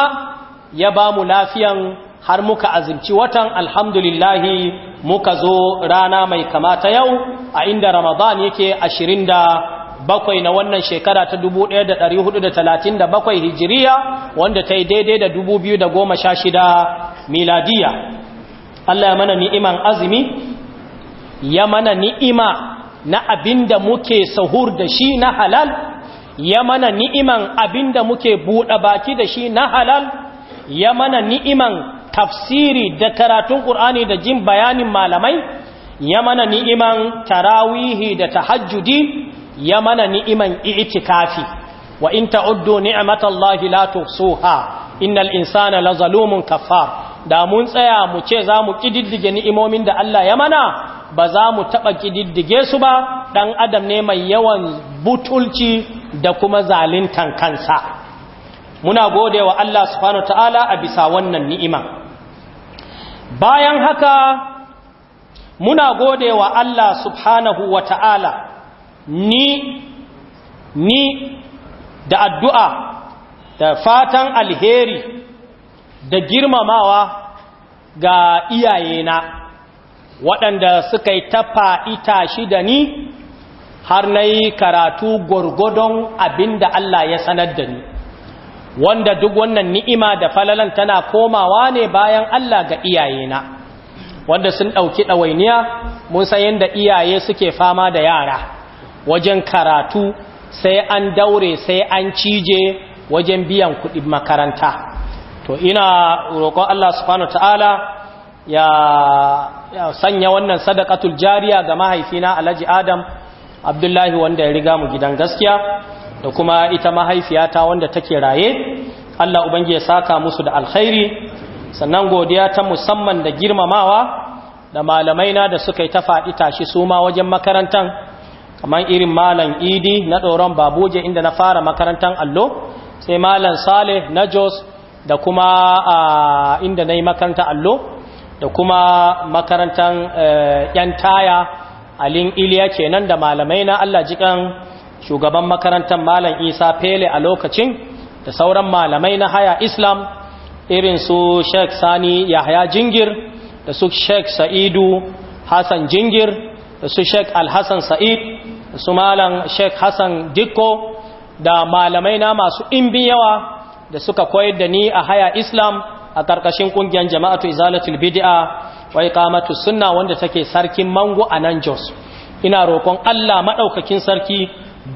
ya ba mu lafiyan har muka azimci watan alhamdulillahi muka zo rana mai kamata yau a inda ramadan yake ashirin bakwai na wannan shekara ta 1437 hijiriya wanda ta yi daidai da 2016 miladiya Allah ya mana ni'iman azumi ya mana ni'ima na abinda muke sahur da shi na halal ya mana ni'iman abinda muke buɗe baki da shi na halal ya mana ni'iman tafsiri da karatun ƙur'ani da jin bayanin malamai ya mana ni'iman tarawihi da tahajjudi ya mana ni'iman i'tikafi wa in ta'uddu ni'matallahi la tuhsuha innal insana lazalumun kafa. da mun tsaya mu ce zamu kididdige ni'imomin da Allah ya mana ba za mu taba kididdige su ba dan adam ne mai yawan butulci da kuma zalintan kansa muna godewa Allah subhanahu ta'ala a bisa wannan ni'ima bayan haka muna godewa Allah subhanahu wa ta'ala ni ni da addu'a da fatan alheri da girmamawa ga iyayena waɗanda suka yi tafa ita shi da ni har na yi karatu gwargwadon abin da Allah ya sanar da ni wanda duk wannan ni'ima da falalan tana komawa ne bayan Allah ga iyayena wanda sun ɗauki ɗawainiya mun san yadda iyaye suke fama da yara wajen karatu sai an daure sai an cije wajen biyan kuɗin makaranta to ina roƙon Allah subhanahu ta'ala ya, ya sanya wannan sadaqatul jariya ga mahaifina Alhaji Adam Abdullahi wanda ya riga mu gidan gaskiya da kuma ita mahaifiyata wanda take raye Allah ubangiye ya saka musu da alkhairi sannan godiya ta musamman da girmamawa da malamai na da suka yi ta faɗi tashi su ma wajen makarantan kamar irin malam idi na tsoron babuje inda na fara makarantar allo sai malam saleh na jos da kuma inda na yi makarantar allo da kuma makarantar eh, yan taya alin iliya kenan da malamai na allah jikan shugaban makarantar malam isa fele a lokacin da sauran malamai na haya islam irin su sheik sani yahaya jingir da su sheik sa'idu hassan jingir da su sheik alhassan sa'id su malam sheikh hassan dikko da malamai na masu imbi yawa da suka koyar da ni a haya islam a ƙarƙashin ƙungiyar jama'atu izalatul bid'a wa iqamatu sunna wanda take sarkin mango a nan jos ina roƙon Allah madaukakin sarki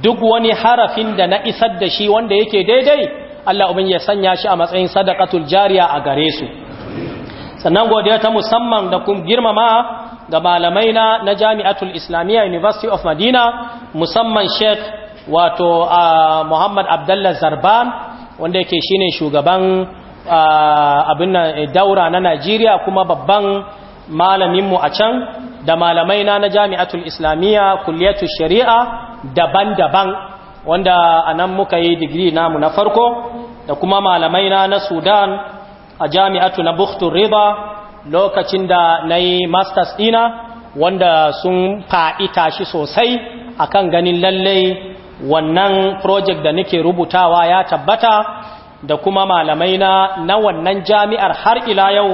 duk wani harafin da na isar da shi wanda yake daidai Allah ubin ya sanya shi a matsayin sadakatul jariya a gare su sannan godiya ta musamman da kun girmama ga malamai na na jami'atul islamiyya university of madina musamman sheikh wato muhammad abdallah zarban wanda yake shine shugaban abin eh, daura na najeriya kuma babban malaminmu a can da malamai na na jami'atul islamiyya kulliyatu shari'a daban-daban wanda a nan muka yi digiri namu na farko da kuma malamai na na sudan a jami'atu na bukhtun riba lokacin da na yi masters dina wanda sun fa'ita shi sosai kan ganin lallai wannan project da nake rubutawa ya tabbata da kuma malamai na na wannan jami'ar har ila yau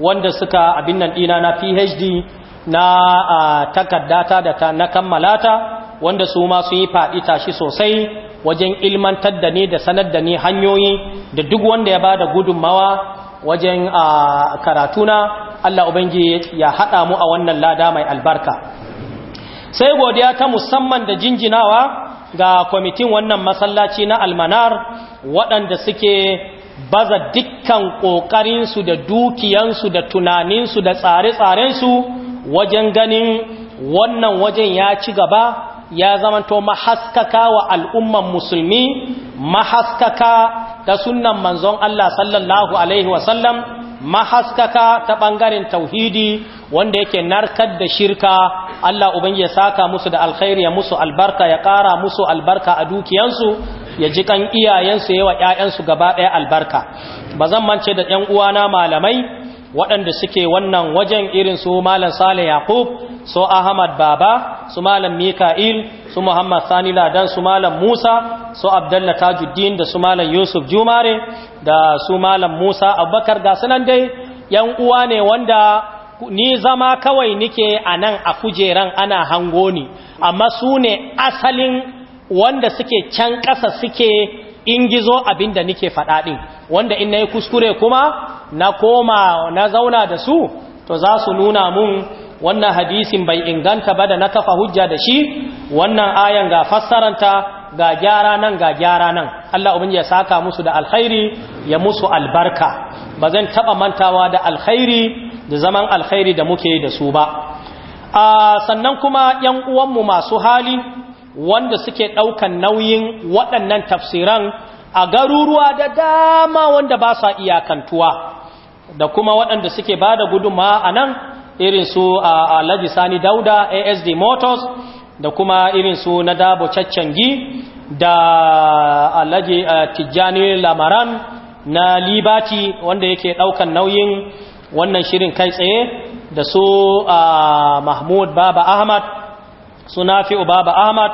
wanda suka abin nan dina na phd na takaddata da ta na kammalata wanda su ma sun yi fa'ita shi sosai wajen ilmantar da ni da sanar da ni hanyoyi da duk wanda ya ba da gudunmawa wajen karatuna Allah Ubangi ya haɗa mu a wannan lada mai albarka sai godiya ta musamman da jinjinawa ga kwamitin wannan masallaci na almanar waɗanda suke baza dukkan ƙoƙarinsu da dukiyansu da tunaninsu da tsare-tsarensu wajen ganin wannan wajen ya ci gaba ya zamanto mahaskaka wa al'umman musulmi mahaskaka ta sunan manzon Allah sallallahu Alaihi wasallam mahaskaka ta ɓangaren tauhidi wanda yake narkar da shirka Allah uban ya saka musu da alkhairi ya musu albarka ya ƙara musu albarka a dukiyansu ya ji kan iyayensu yawa ‘ya'yansu gaba ɗaya albarka ba zan mance da ‘yan uwana malamai waɗanda suke wannan wajen irin su malam sale yaqub su Ahmad Baba su Malam Mika'il su Muhammad Sani Ladan su Malam Musa su Abdullah Tajuddin da su Malam Yusuf Jumare da su Malam Musa Abubakar ga sunan dai yan uwa ne wanda ni zama kawai nike a nan a kujeran ana hango ni amma su ne asalin wanda suke can ƙasa suke ingizo abin da nike faɗaɗin wanda in na yi kuskure kuma na koma na zauna da su to za su nuna mun wannan hadisin bai inganta ba da na kafa hujja da shi wannan ayan ga fassaranta ga gyara nan ga gyara nan Allah ubin ya saka musu da alkhairi ya musu albarka ba zan taɓa mantawa da alkhairi da zaman alkhairi da muke da su ba sannan kuma ‘yan uwanmu masu hali wanda suke ɗaukan nauyin waɗannan tafsiran a garuruwa da dama wanda ba sa iyakantuwa da kuma waɗanda suke ba da gudunma a nan irin su alhaji sani dauda asd motors da kuma irin su na dabo caccangi da alhaji tijjani lamaran na libati wanda yake daukan nauyin wannan shirin kai tsaye da su mahmud baba ahmad su nafi'u baba ahmad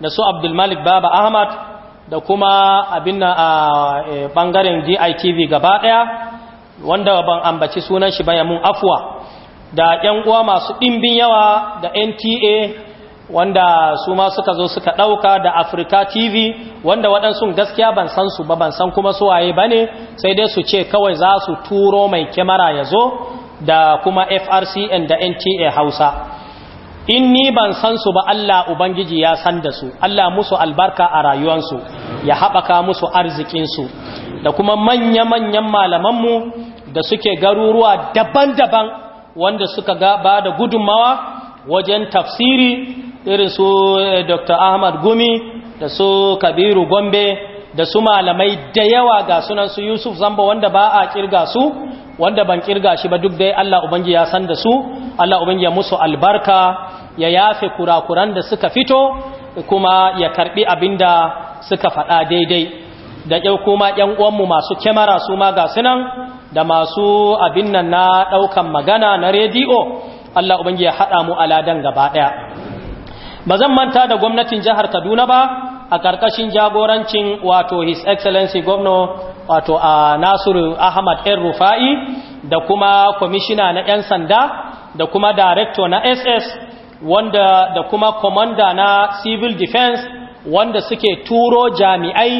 da su abdulmalik baba ahmad da kuma abin a bangaren e, ditv gaba daya wanda ban ambaci sunan shi ya mun afuwa da ‘yan uwa masu ɗimbin yawa da nta wanda su ma suka zo suka ɗauka da Africa TV wanda waɗansu gaskiya ban san su ba ban san kuma su waye ba ne sai dai su ce kawai za su turo mai kyamara ya zo da kuma FRCN da NTA Hausa in ni ban san su ba Allah Ubangiji ya san da su Allah musu albarka a rayuwansu ya haɓaka musu arzikinsu da kuma manya-manyan malamanmu da suke garuruwa daban-daban wanda suka ba da gudunmawa wajen tafsiri irin su eh, dr ahmad gumi da su kabiru gombe da su malamai da yawa ga sunan su yusuf zamba wanda ba a kirga su wanda ban kirga shi ba duk dai allah ubangi ya san da su allah ubangi ya musu albarka ya yafe kurakuran da suka fito kuma ya karbi abinda suka faɗa daidai da yau kuma ‘yan uwanmu masu kyamara su ma ga sunan da masu abin nan na ɗaukan magana na rediyo Allah ubangi ya haɗa mu aladan gaba ɗaya ba zan manta da gwamnatin jihar Kaduna ba a ƙarƙashin jagorancin wato his excellency governor wato a Nasiru Ahmad El Rufa'i da kuma kwamishina na 'yan sanda da kuma director na SS wanda da kuma commander na civil defense wanda suke turo jami'ai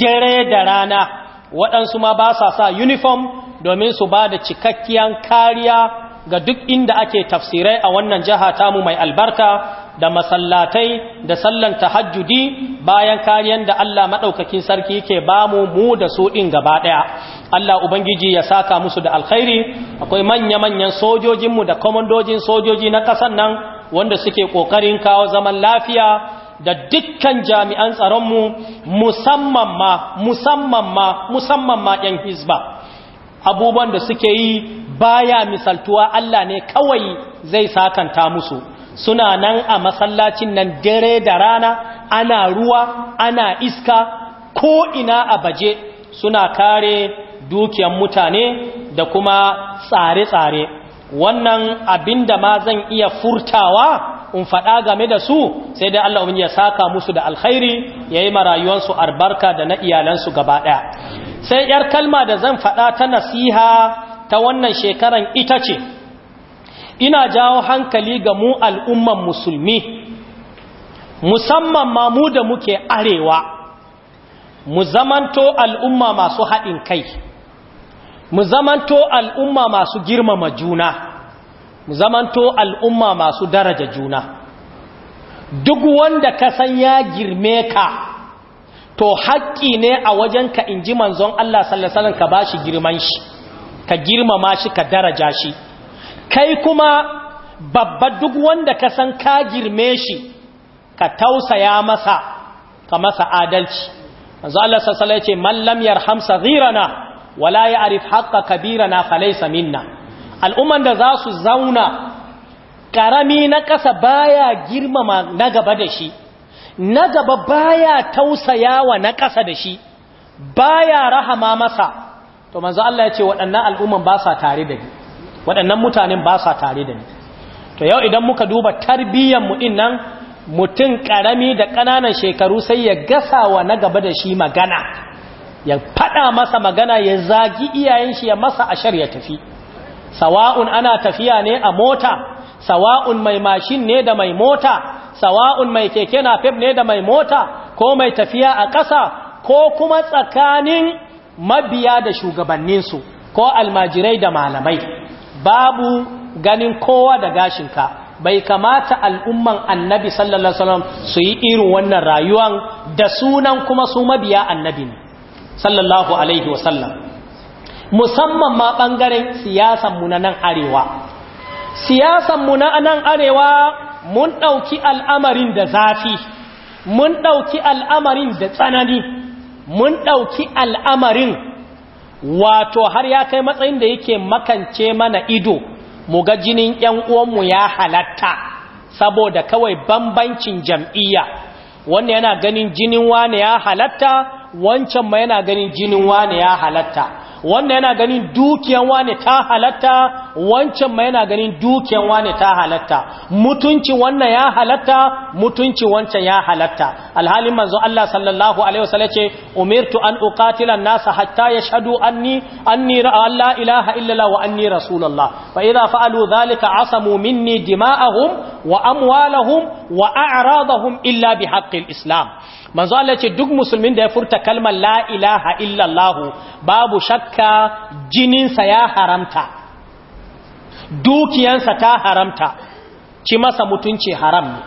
dare da rana waɗansu ma ba sa sa uniform domin su ba da cikakkiyan kariya ga duk inda ake tafsirai a wannan jiha tamu mai albarka da masallatai da sallan tahajjudi bayan kariyan da Allah maɗaukakin sarki ke ba mu mu da su ɗin gaba ɗaya Allah Ubangiji ya saka musu da alkhairi akwai manya-manyan sojojinmu da kwamandojin sojoji na ƙasan nan wanda suke ƙoƙarin kawo zaman lafiya da dukkan jami'an tsaronmu musamman ma musamman ma musamman ma ɗan hizba abubuwan da suke yi baya misaltuwa Allah ne kawai zai sakanta musu suna nan a masallacin nan dare da rana ana ruwa ana iska ko ina a baje suna kare dukiyan mutane da kuma tsare-tsare wannan abinda ma zan iya furtawa in faɗa game da su sai dai Allah ya saka musu da alkhairi ya yi marayuwansu albarka da na iyalansu gaba ɗaya sai ‘yar kalma da zan faɗa ta nasiha ta wannan shekaran ita ce ina jawo hankali ga mu al'umman musulmi musamman ma mu da muke arewa mu zamanto al'umma masu haɗin kai mu zamanto al'umma masu girmama juna zamanto al'umma masu daraja juna duk wanda ka san ya girme ka to haƙƙi ne a ka in ji manzon Allah sallasalan ka ba shi girman shi ka girmama shi ka daraja shi kai kuma babba duk wanda ka san ka girme shi ka tausaya masa ka masa adalci manzon Allah sallasalan ce mallam Hamsa zirana wala ya arif haƙƙa kabirana falaisa minna al'umman da za su zauna ƙarami na ƙasa baya girmama na gaba da shi na gaba baya tausayawa na ƙasa da shi baya rahama masa to manzo Allah yace ce waɗannan al'umman ba sa tare da ni waɗannan mutanen ba sa tare da ni to yau idan muka duba tarbiyyar mu din nan mutum ƙarami da ƙananan shekaru sai ya gasawa na gaba da shi magana ya faɗa masa magana ya zagi iyayen shi ya masa ashar ya tafi sawa'un ana tafiya ne a mota sawa'un mai mashin ne da mai mota sawa'un mai keke na napep ne da mai mota ko mai tafiya a ƙasa ko kuma tsakanin mabiya da shugabanninsu ko almajirai da malamai babu ganin kowa da gashinka bai kamata al'umman annabi sallallahu Alaihi su yi irin wannan rayuwan da sunan kuma su mabiya annabi sallallahu Alaihi wasallam musamman ma ɓangaren siyasanmu na nan arewa siyasanmu na nan arewa mun ɗauki al'amarin da zafi mun ɗauki al'amarin da tsanani mun ɗauki al'amarin wato har ya kai matsayin da yake makance mana ido mu ga jinin ‘yan uwanmu ya halatta saboda kawai bambancin jam'iyya wanda yana ganin jinin wane ya halatta wancan ma yana ganin jinin wane ya halatta wannan yana ganin dukiyan wane ta halatta wancan ma yana ganin dukiyan wane ta halatta mutunci wannan ya halatta mutunci wancan ya halatta alhalin manzo Allah sallallahu alaihi wasallam ce umirtu an uqatila an-nasa hatta yashhadu anni anni la ilaha illa wa anni rasulullah fa idha fa'alu dhalika asamu minni dima'ahum wa amwalahum wa a'radahum illa bihaqqil islam manzo Allah ce duk musulmin da ya furta kalmar la ilaha illallah babu shakka jininsa ya haramta dukiyansa ta haramta ci masa mutunci haram ne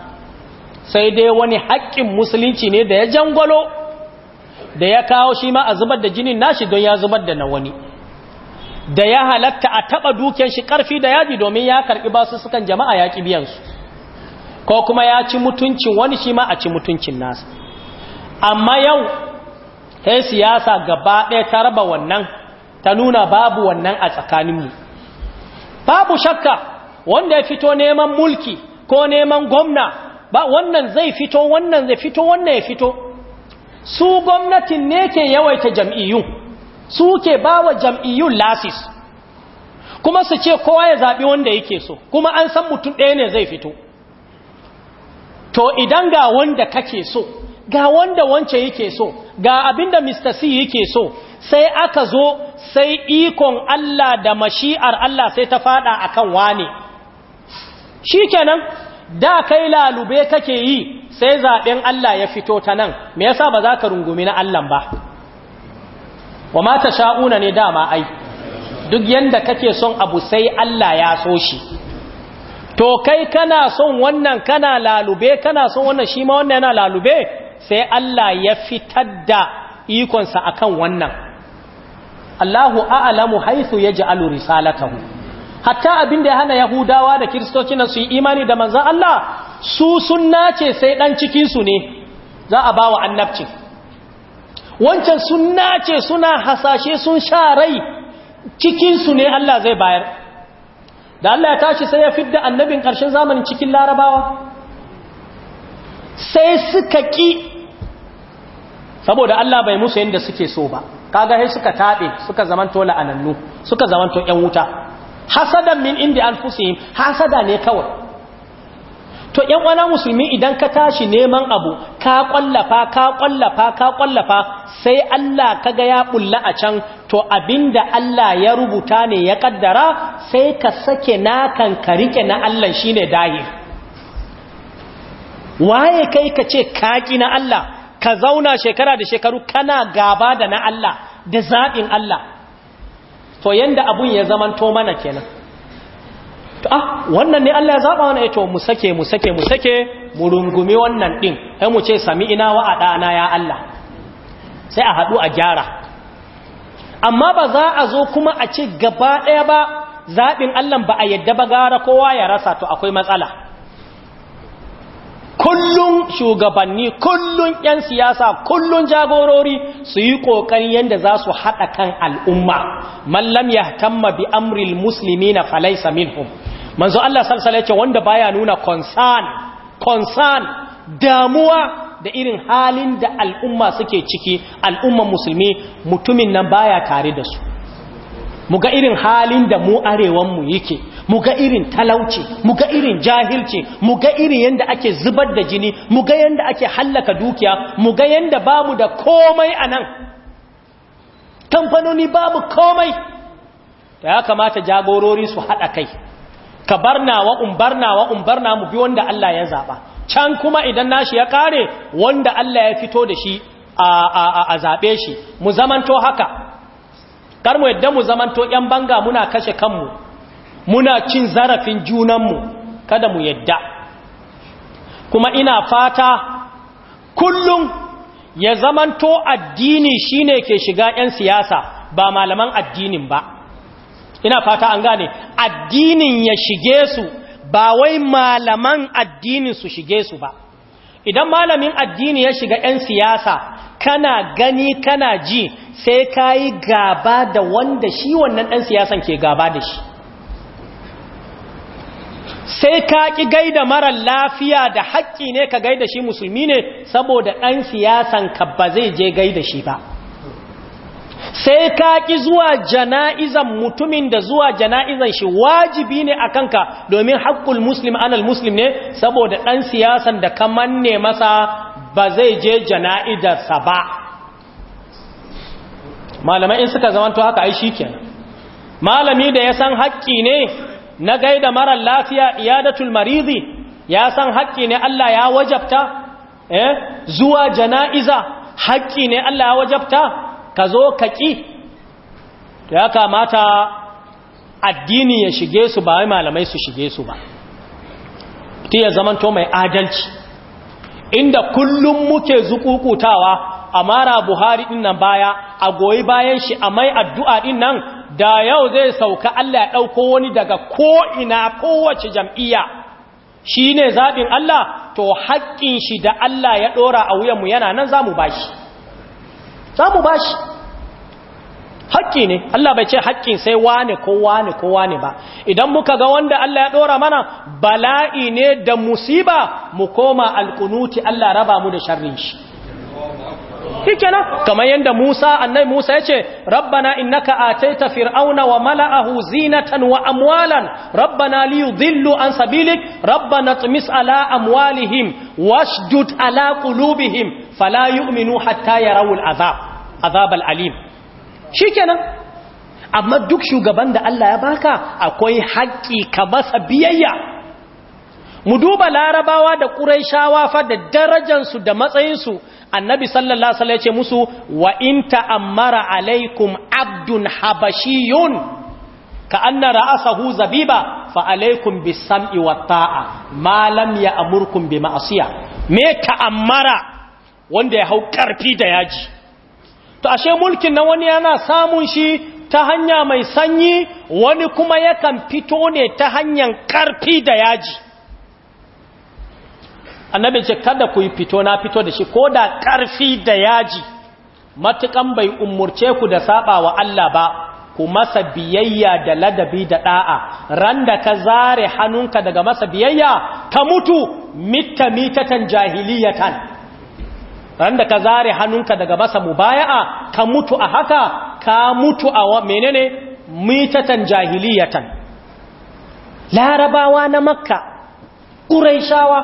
sai dai wani haƙƙin musulunci ne da ya jangwalo da ya kawo shi ma a zubar da jinin nashi don ya zubar da na wani da ya halatta a taɓa dukiyan shi ƙarfi da yaji domin ya karɓi basu sukan jama'a ya ƙi biyansu ko kuma ya ci mutuncin wani shi ma a ci mutuncin nasa amma yau sai siyasa gaba ɗaya ta raba wannan ta nuna babu wannan a tsakaninmu babu shakka wanda ya fito neman mulki ko neman gwamna ba wannan zai fito wannan zai fito wannan ya fito su gwamnatin ne ke yawaita jam'iyyun su ke ba wa jam'iyyun lasis kuma su ce kowa ya zaɓi wanda yake so kuma an san mutum ɗaya ne zai fito to idan ga wanda kake so ga wanda wance yake so ga abinda Mr. C yake so sai aka zo sai ikon Allah da mashi'ar Allah sai ta fada akan wane shi kenan da kai lalube kake yi sai zaɓen Allah ya fito ta nan me yasa ba za ka rungumi na Allah ba wa mata sha'una ne dama ai duk yanda kake son abu sai Allah ya so shi to kai kana son wannan kana lalube kana son wannan shi ma wannan yana lalube sai Allah ya fitar da ikonsa a kan wannan Allahu a'lamu haythu yaj'alu risalatahu hatta abinda ya hana yahudawa da kiristocin na su yi imani da manzan Allah su sunna ce sai dan cikinsu ne za a ba wa annabci wancan sunna ce suna hasashe sun sha rai cikinsu ne Allah zai bayar da Allah ya tashi sai ya fidda annabin ƙarshen zamanin cikin larabawa sai suka ƙi saboda Allah bai musu yadda suke so ba kaga sai suka taɓe suka zamanto la'anannu suka zamanto ƴan wuta hasadan min indi anfusihim hasada ne kawai to ƴan musulmi idan ka tashi neman abu ka kwallafa ka kwallafa ka kwallafa sai Allah kaga ya bulla a can to abinda Allah ya rubuta ne ya kaddara sai ka sake nakan ka rike na Allah shine dahir waye kai ka ce kaki na Allah ka zauna shekara da shekaru kana gaba da na Allah da zaɓin Allah to yanda abun ya zaman to mana kenan to ah wannan ne Allah ya zaɓa wani eh, to mu sake mu sake mu sake mu rungumi wannan ɗin sai mu ce sami ina wa ɗana ya Allah sai a haɗu a gyara amma ba za a zo kuma a ce gaba ɗaya ba zaɓin Allah ba a yadda ba gara kowa ya rasa to akwai matsala kullum shugabanni kullum 'yan siyasa kullum jagorori su yi ƙoƙarin yadda za su haɗa kan al'umma mallam ya tamma bi amril musulmi na Falai minhum manzo Allah salsala ce wanda baya nuna concern concern damuwa da irin halin da al'umma suke ciki al'umman musulmi mutumin nan baya tare da su muga irin halin da mu arewanmu yake muga irin talauci muga irin jahilci mu ga irin yanda ake zubar da jini muga yanda ake hallaka dukiya muga yanda yadda babu da komai a nan kamfanoni babu komai da ya kamata jagorori su haɗa kai ka barnawa umbarnawa umbarna mu bi wanda Allah ya zaɓa can kuma idan nashi ya ƙare wanda Allah ya fito da shi a zaɓe shi mu zamanto haka kar mu yadda mu zamanto yan banga muna kashe kanmu muna cin zarafin junanmu kada mu yadda kuma ina fata kullum ya zamanto addini shine ke shiga yan siyasa ba malaman addinin ba ina fata an gane addinin ya shige su ba wai malaman addinin su shige su ba idan malamin addini ya shiga 'yan siyasa kana gani kana ji sai ka yi gaba da wanda shi wannan ɗan siyasan ke gaba da shi sai ka ƙi gaida mara lafiya da haƙƙi ne ka gaida shi musulmi ne saboda ɗan siyasan ka ba zai je gaida shi ba sai ka ki zuwa jana'izan mutumin da zuwa jana'izan shi wajibi ne a kanka domin haƙƙul muslim anal muslim ne saboda ɗan siyasan da ka manne masa ba zai je jana'idarsa ba malamai in suka zamanto haka ai shi kenan malami da ya san haƙƙi ne na gaida marar lafiya iyadatul marizi ya san haƙƙi ne Allah ya wajabta eh zuwa jana'iza haƙƙi ne Allah ya wajabta ka zo ka ƙi ya kamata addini ya shige su ba wai malamai su shige su ba ta ya zamanto mai adalci inda kullum muke zukukutawa a mara buhari din nan baya a goyi bayan shi a mai addu'a din nan da yau zai sauka Allah ya ɗauko wani daga ko'ina kowace jam'iyya shi ne zaɓin Allah to haƙƙin shi da Allah ya ɗora a wuyanmu yana nan za mu ba shi za mu bashi haƙƙi ne Allah bai ce haƙƙin sai wane ko wane ko wane ba idan muka ga wanda Allah ya ɗora mana bala'i ne da musiba mu koma alƙunuti Allah raba mu da sharrin shi hikena kamar yadda Musa annai Musa ya ce rabbana innaka ataita fir'auna wa mala'ahu zinatan wa amwalan rabbana liyudhillu an sabilik rabbana tumis ala amwalihim washdud ala qulubihim fala yu'minu hatta yarawul azab azabal alim kenan. amma duk shugaban da Allah ya baka akwai haƙƙi ka masa biyayya mu duba larabawa da ƙuraishawa fa da darajansu da matsayinsu annabi sallallahu alaihi wasallam ya ce musu wa in ta'ammara alaikum abdun habashiyun ka anna ra'asahu zabiba fa alaikum bis sam'i wat ta'a ma lam ya'murkum bi ma'siya me ta'ammara wanda ya hau ƙarfi da yaji to ashe mulkin na wani yana samun shi ta hanya mai sanyi wani kuma yakan fito ne ta hanyar ƙarfi da yaji annabi ce kada ku yi fito na fito da shi ko da ƙarfi da yaji Matuƙan bai umurce ku da saba wa Allah ba ku masa biyayya da ladabi da ɗa'a, ran da ka zare hannunka daga masa biyayya ka mutu mitta mitatan jahiliyatan ran da ka zare hannunka daga masa mubaya'a ka mutu a haka ka mutu a menene mitatan jahiliyatan larabawa na makka ƙuraishawa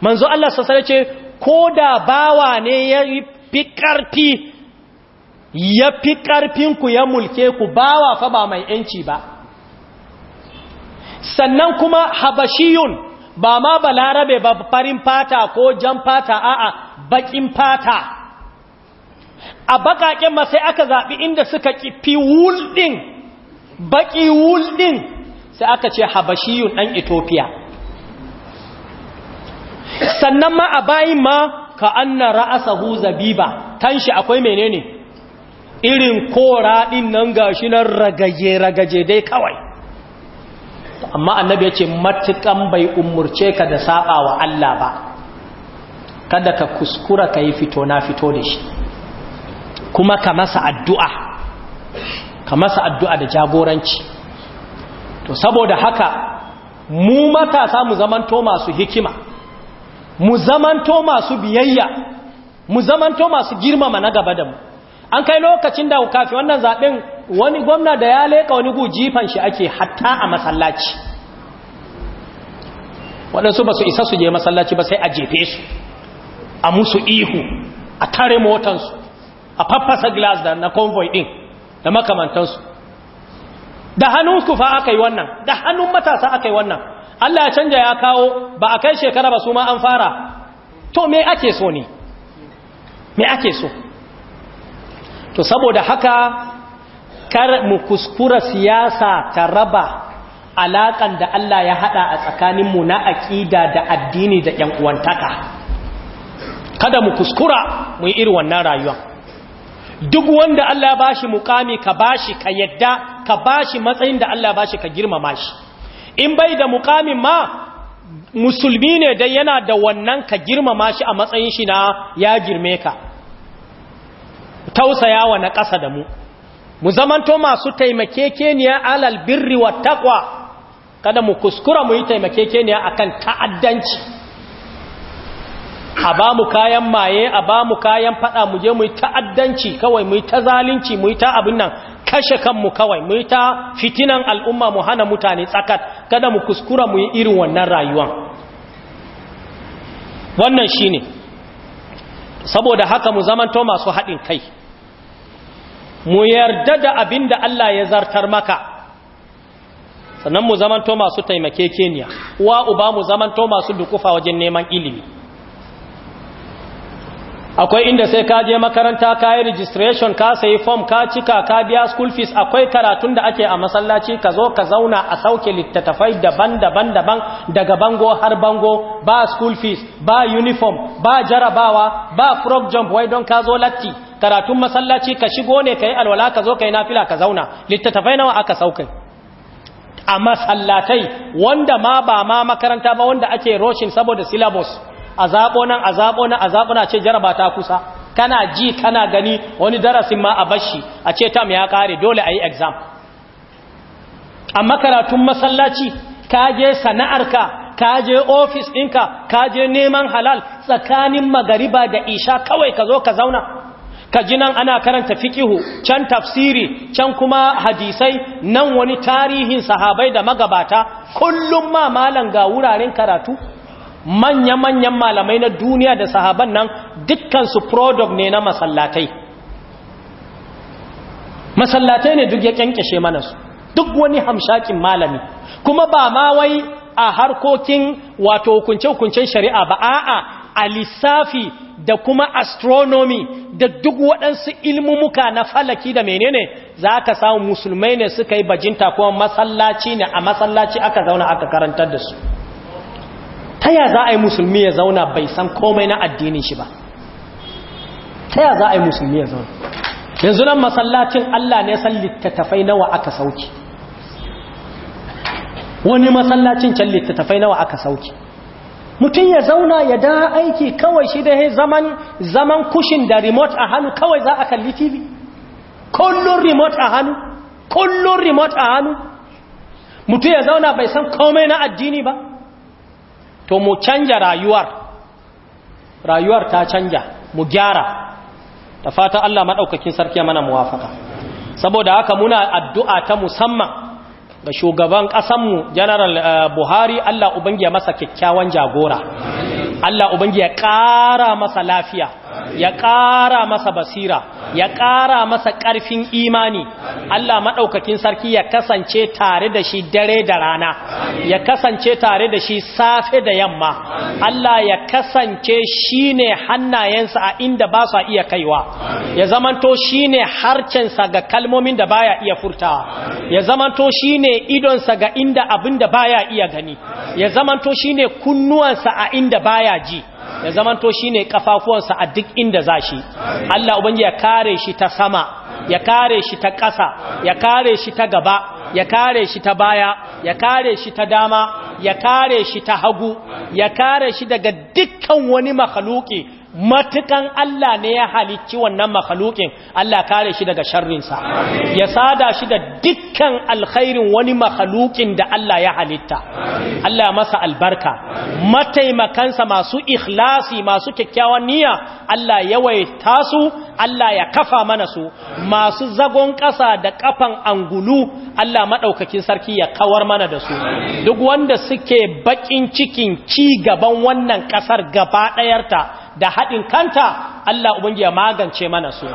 manzo Allah sassare ce ko da bawa ne ya fi ƙarfi ya fi ƙarfinku ya mulke ku bawa fa ba mai ‘yanci ba sannan kuma habashiyun ba ma balarabe ba farin fata ko jan fata a'a baƙin fata a baƙaƙen ma sai aka zaɓi inda suka kifi wul baƙi wulɗin sai aka ce habashiyun ɗan ethiopia sannan ma a bayin ma ka anna ra'asahu zabiba tanshi akwai menene irin kora ɗin nan gashi nan ragaje-ragaje dai kawai amma annabi ya ce matuƙan bai umurce ka da saɓa wa Allah ba kada ka kuskura ka yi fito na fito da shi kuma ka masa addu'a ka masa addu'a da jagoranci to saboda haka mu matasa mu zamanto masu hikima mu zamanto masu biyayya mu zamanto masu girmama na gaba da mu an kai lokacin da kafi wannan zaɓen wani gwamna da ya leƙa wani gu jifan shi ake hatta a masallaci waɗansu ba su isa su je masallaci ba sai a jefe su a musu ihu a tare motansu a faffasa glass da na convoy din da makamantansu da hannun kufa aka yi wannan da hannun matasa aka yi wannan Allah ya canja ya kawo ba a kai shekara ba su ma an fara to me ake so ne me ake so to saboda haka kar mu kuskura siyasa ta raba alaƙan da Allah ya haɗa a tsakaninmu na aƙida da addini da ‘yan uwantaka kada mu kuskura mu yi irin wannan rayuwa duk wanda Allah ba shi mukami ka bashi ka yadda ka bashi matsayin da Allah ba shi ka girmama shi in bai da mukamin ma musulmi ne dai yana da wannan ka girmama shi a matsayin shi na ya girme ka tausayawa na ƙasa da mu mu zamanto masu taimakekeniya alal birri wa taqwa kada mu kuskura mu yi taimakekeniya akan ta'addanci a ba mu kayan maye a ba mu kayan fada mu je mu ta'addanci kawai mu yi ta zalunci mu yi ta abin nan kashe kanmu kawai mu yi ta fitinan al'umma mu hana mutane tsakat kada mu kuskura mu yi irin wannan rayuwan wannan shine saboda haka mu zamanto masu haɗin kai mu yarda da abin da Allah ya zartar maka sannan mu zamanto masu taimake keniya wa uba mu zamanto masu dukufa wajen neman ilimi akwai inda sai ka je makaranta ka yi registration ka sayi form ka cika ka biya school fees akwai karatun da ake a masallaci ka zo ka zauna a sauke littattafai daban-daban daban daga bango har bango ba school fees ba uniform ba jarabawa ba frog jump wai don ka zo latti karatun masallaci ka shigo ne ka yi alwala ka zo ka yi nafila ka zauna littattafai nawa aka sauke a masallatai wanda ma ba ma makaranta ba wanda ake roshin saboda syllabus a zaɓo nan a nan a zaɓo nan a ce jaraba ta kusa kana ji kana gani wani darasin ma a bashi a ce tam ya kare dole a yi exam amma karatun masallaci kaje je sana'arka ka je ofis ɗinka kaje neman halal tsakanin magariba da isha kawai ka zo ka zauna ka ji nan ana karanta fikihu can tafsiri can kuma hadisai nan wani tarihin sahabai da magabata kullum ma malan ga wuraren karatu manya-manyan malamai na duniya da sahaban nan dukkansu product ne na masallatai masallatai ne duk ya kyankyashe mana su duk wani hamshakin malami kuma ba ma wai a harkokin wato hukunce-hukuncen shari'a ba a'a a lissafi da kuma astronomi da duk waɗansu ilmumuka na falaki da menene za ka samu musulmai ne suka yi bajinta kuma masallaci ne a masallaci aka zauna aka karantar da su ta ya za a yi musulmi ya zauna bai san komai na addinin shi ba ta ya za a yi musulmi ya zauna yanzu nan masallacin Allah ne san littattafai nawa aka sauki wani masallacin can littattafai nawa aka sauki mutum ya zauna ya da aiki kawai shi da zaman zaman kushin da remote a hannu kawai za a kalli tv kullun remote a hannu kullum remote a hannu mutum ya zauna bai san komai na addini ba to mu canja rayuwar rayuwar ta canja mu gyara ta fata Allah maɗaukakin sarki mana muwafaka saboda haka muna addu'a ta musamman ga shugaban ƙasanmu general eh, buhari Allah ubangiya masa kyakkyawan jagora Allah ubangi ya ƙara masa lafiya ya ƙara masa basira ya ƙara masa ƙarfin imani Allah maɗaukakin sarki ya kasance tare da shi dare da rana ya kasance tare da shi safe da yamma Allah ya kasance shine hannayensa a inda ba su iya kaiwa ya zamanto shi ne harcensa ga kalmomin da baya iya furtawa ya zamanto shi ne idonsa ga inda abin da baya iya gani ya zamanto shine ne kunnuwansa a inda baya baya ji ya zamanto shine kafafuwansa a duk inda zashi Allah ubangi ya kare shi ta sama ya kare shi ta ƙasa ya kare shi ta gaba ya kare shi ta baya ya kare shi ta dama ya kare shi ta hagu ya kare shi daga dukkan wani makhluki matukan Allah ne ya halicci wannan makhlukin Allah kare shi daga sharrinsa ya sada shi da dukkan alkhairin wani makhlukin da Allah ya halitta Allah masa albarka mataimakansa masu ikhlasi masu kyakkyawan niyya Allah yawaita tasu. Allah ya kafa mana su masu zagon ƙasa da kafan angulu Allah madaukakin sarki ya kawar mana da su duk wanda suke bakin cikin ci gaban wannan ƙasar gaba ɗayarta da haɗin kanta Allah Ubangiji ya magance mana su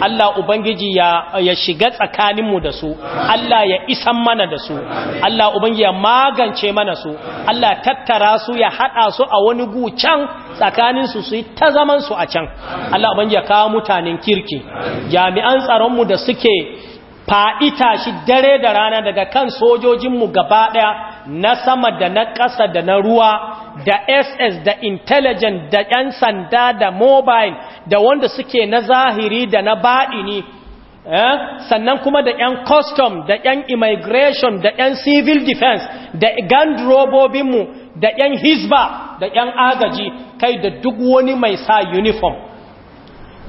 Allah Ubangiji ya, ya shiga tsakaninmu da su Allah ya isan mana da su Allah Ubangiji ya magance mana su Allah tattara su ya haɗa su a wani gucan tsakaninsu su yi ta su a can Allah Ubangiji ya kawo mutanen kirki jami'an tsaronmu da suke faɗi tashi dare da rana daga kan sojojinmu gaba ɗaya na sama da na ƙasa da na ruwa da ss da intelligent da 'yan sanda da mobile da wanda suke na zahiri da na baɗini eh? sannan kuma da 'yan custom da 'yan immigration da 'yan civil defense da gan robobinmu da 'yan hisba da 'yan agaji kai da duk wani mai sa uniform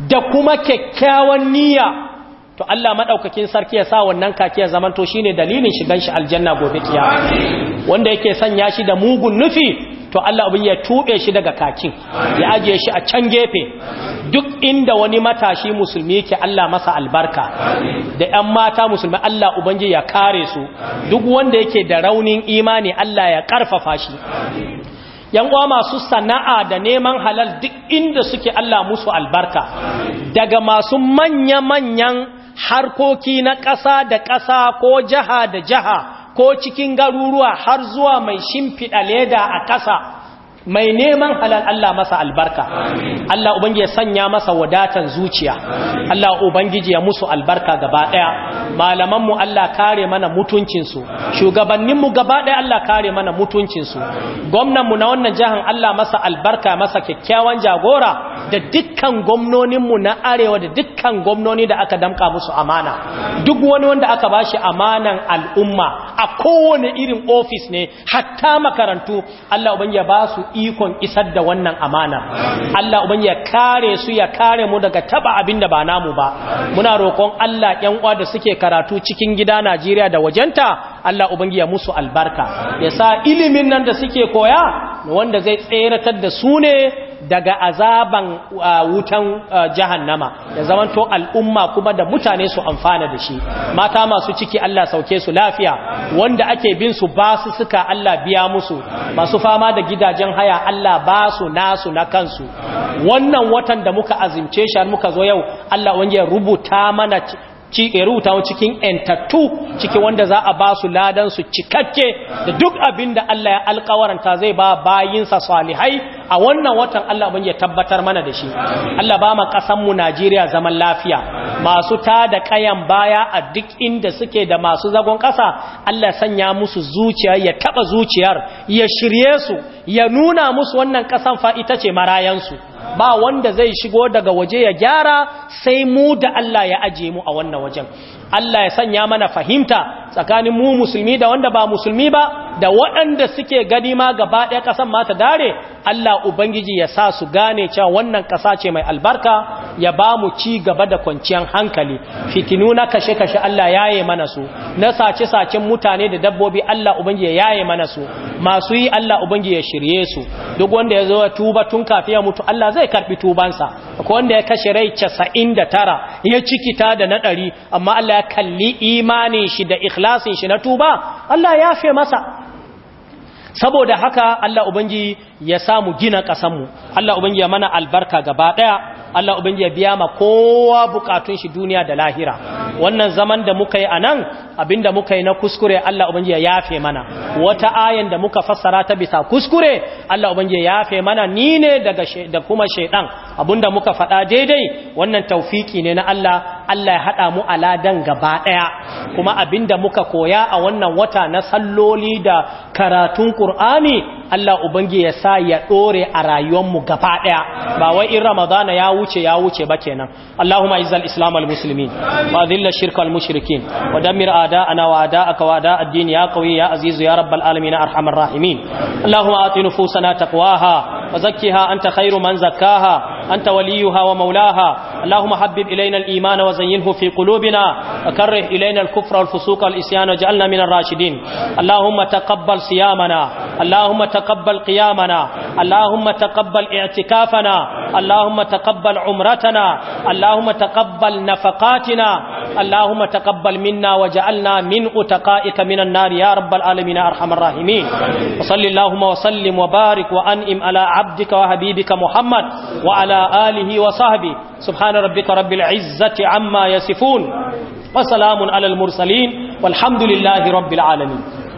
da kuma kyakkyawan niyya to Allah madaukakin sarki ya sa wannan kaki ya zamanto shine dalilin shigan shi aljanna gobe kiyama wanda yake sanya shi da mugun nufi to Allah ubin ya tube shi daga kakin ya ajiye shi a can gefe duk inda wani matashi musulmi yake Allah masa albarka da ƴan mata musulmi Allah ubangiji ya kare su duk wanda yake da raunin imani Allah ya karfafa shi yan uwa masu sana'a da neman halal duk inda suke Allah musu albarka daga masu manya-manyan harkoki na ƙasa da ƙasa ko jaha da jaha ko cikin garuruwa har zuwa mai shimfiɗa leda a ƙasa mai neman halal Allah masa albarka Allah ubangiji ya sanya masa wadatan zuciya Allah ubangiji ya musu albarka gaba daya malaman Allah kare mana mutuncin su shugabannin gaba daya Allah kare mana mutuncin su gwamnan mu na wannan jahan Allah masa albarka masa kyakkyawan jagora da dukkan gwamnonin mu na arewa da dukkan gwamnoni da aka damka musu amana duk wani wanda aka bashi amanan al'umma a kowane irin office ne hatta makarantu Allah ubangiji ya ba su ikon isar da wannan amana Allah uban ya kare su ya kare mu daga taba abin da ba namu ba muna roƙon Allah ƴan uwa da suke karatu cikin gida Najeriya da wajenta Allah uban ya musu albarka ya sa ilimin nan da suke koya wanda zai tseratar da su ne daga azaban uh, wutan uh, jahannama ya zaman to al'umma kuma da mutane su amfana da shi mata masu ciki Allah sauke su lafiya wanda ake bin su basu suka Allah biya musu masu fama da gidajen haya Allah ba su nasu na kansu wannan watan da muka azimce shi muka zo yau Allah wanda rubuta mana rubuta cikin entatu ciki wanda za a ba su ladan su cikakke da duk abinda da Allah ya alƙawaranta zai ba bayinsa salihai a wannan watan Allah ban ya tabbatar mana da shi Allah ba mu kasan mu Najeriya zaman lafiya masu ta da kayan baya a duk inda suke da masu zagon kasa Allah sanya musu zuciya ya taba zuciyar ya shirye su ya nuna musu wannan kasan fa ita ce marayansu ba wanda zai shigo daga waje ya gyara sai mu da Allah ya aje mu a wannan wajen Allah ya sanya mana fahimta tsakanin mu musulmi da wanda ba musulmi ba da waɗanda suke gani ma gaba ɗaya ƙasan ma ta dare Allah ubangiji ya sa su gane cewa wannan ƙasa ce mai albarka ya ba mu ci gaba da kwanciyar hankali fitinu na kashe-kashe Allah ya yaye mana su na sace-sacen mutane da dabbobi Allah ubangiji ya yi mana su masu yi Allah ubangiji ya shirye su duk wanda ya zo ya tuba tun kafin ya mutu Allah zai karbi tubansa akwai wanda ya kashe rai 99 ya cikita da na 100 amma Allah ya ya kalli imanin shi da ikhlasin shi na tuba Allah ya fe masa saboda haka Allah ubangiji ya samu gina ƙasanmu Allah ya mana albarka gaba ɗaya Allah ya biya ma kowa bukatun shi duniya da lahira wannan zaman da muka yi a nan abinda muka yi na kuskure Allah ya yafe mana wata ayan da muka fassara ta bisa kuskure Allah ya yafe mana ni ne daga da kuma shaidan abinda muka faɗa daidai wannan taufiki ne na Allah Allah ya haɗa mu aladan gaba ɗaya kuma abinda muka koya a wannan wata na salloli da karatun Kur'ani Allah ubangiya ya sa sa ya dore a rayuwarmu gaba daya ba wai in ramadana ya wuce ya wuce ba kenan Allahumma izzal islam al muslimin wa dhilla shirka al mushrikin wa dammir ana wa ada aka wa a'da' ad-din ya qawi ya aziz ya rabbal alamin arhamar rahimin Allahumma ati nufusana taqwaha wa zakkiha anta khairu man zakkaha anta waliyuha wa maulaha Allahumma habbib ilayna al iman wa zayyinhu fi qulubina wa karrih ilayna al kufra wal fusuqa wal isyan waj'alna min ar-rashidin Allahumma taqabbal siyamana Allahumma taqabbal qiyamana اللهم تقبل اعتكافنا اللهم تقبل عمرتنا اللهم تقبل نفقاتنا اللهم تقبل منا وجعلنا من أتقائك من النار يا رب العالمين أرحم الراحمين وصل اللهم وسلم وبارك وأنئم على عبدك وحبيبك محمد وعلى آله وصحبه سبحان ربك رب العزة عما يصفون وسلام على المرسلين والحمد لله رب العالمين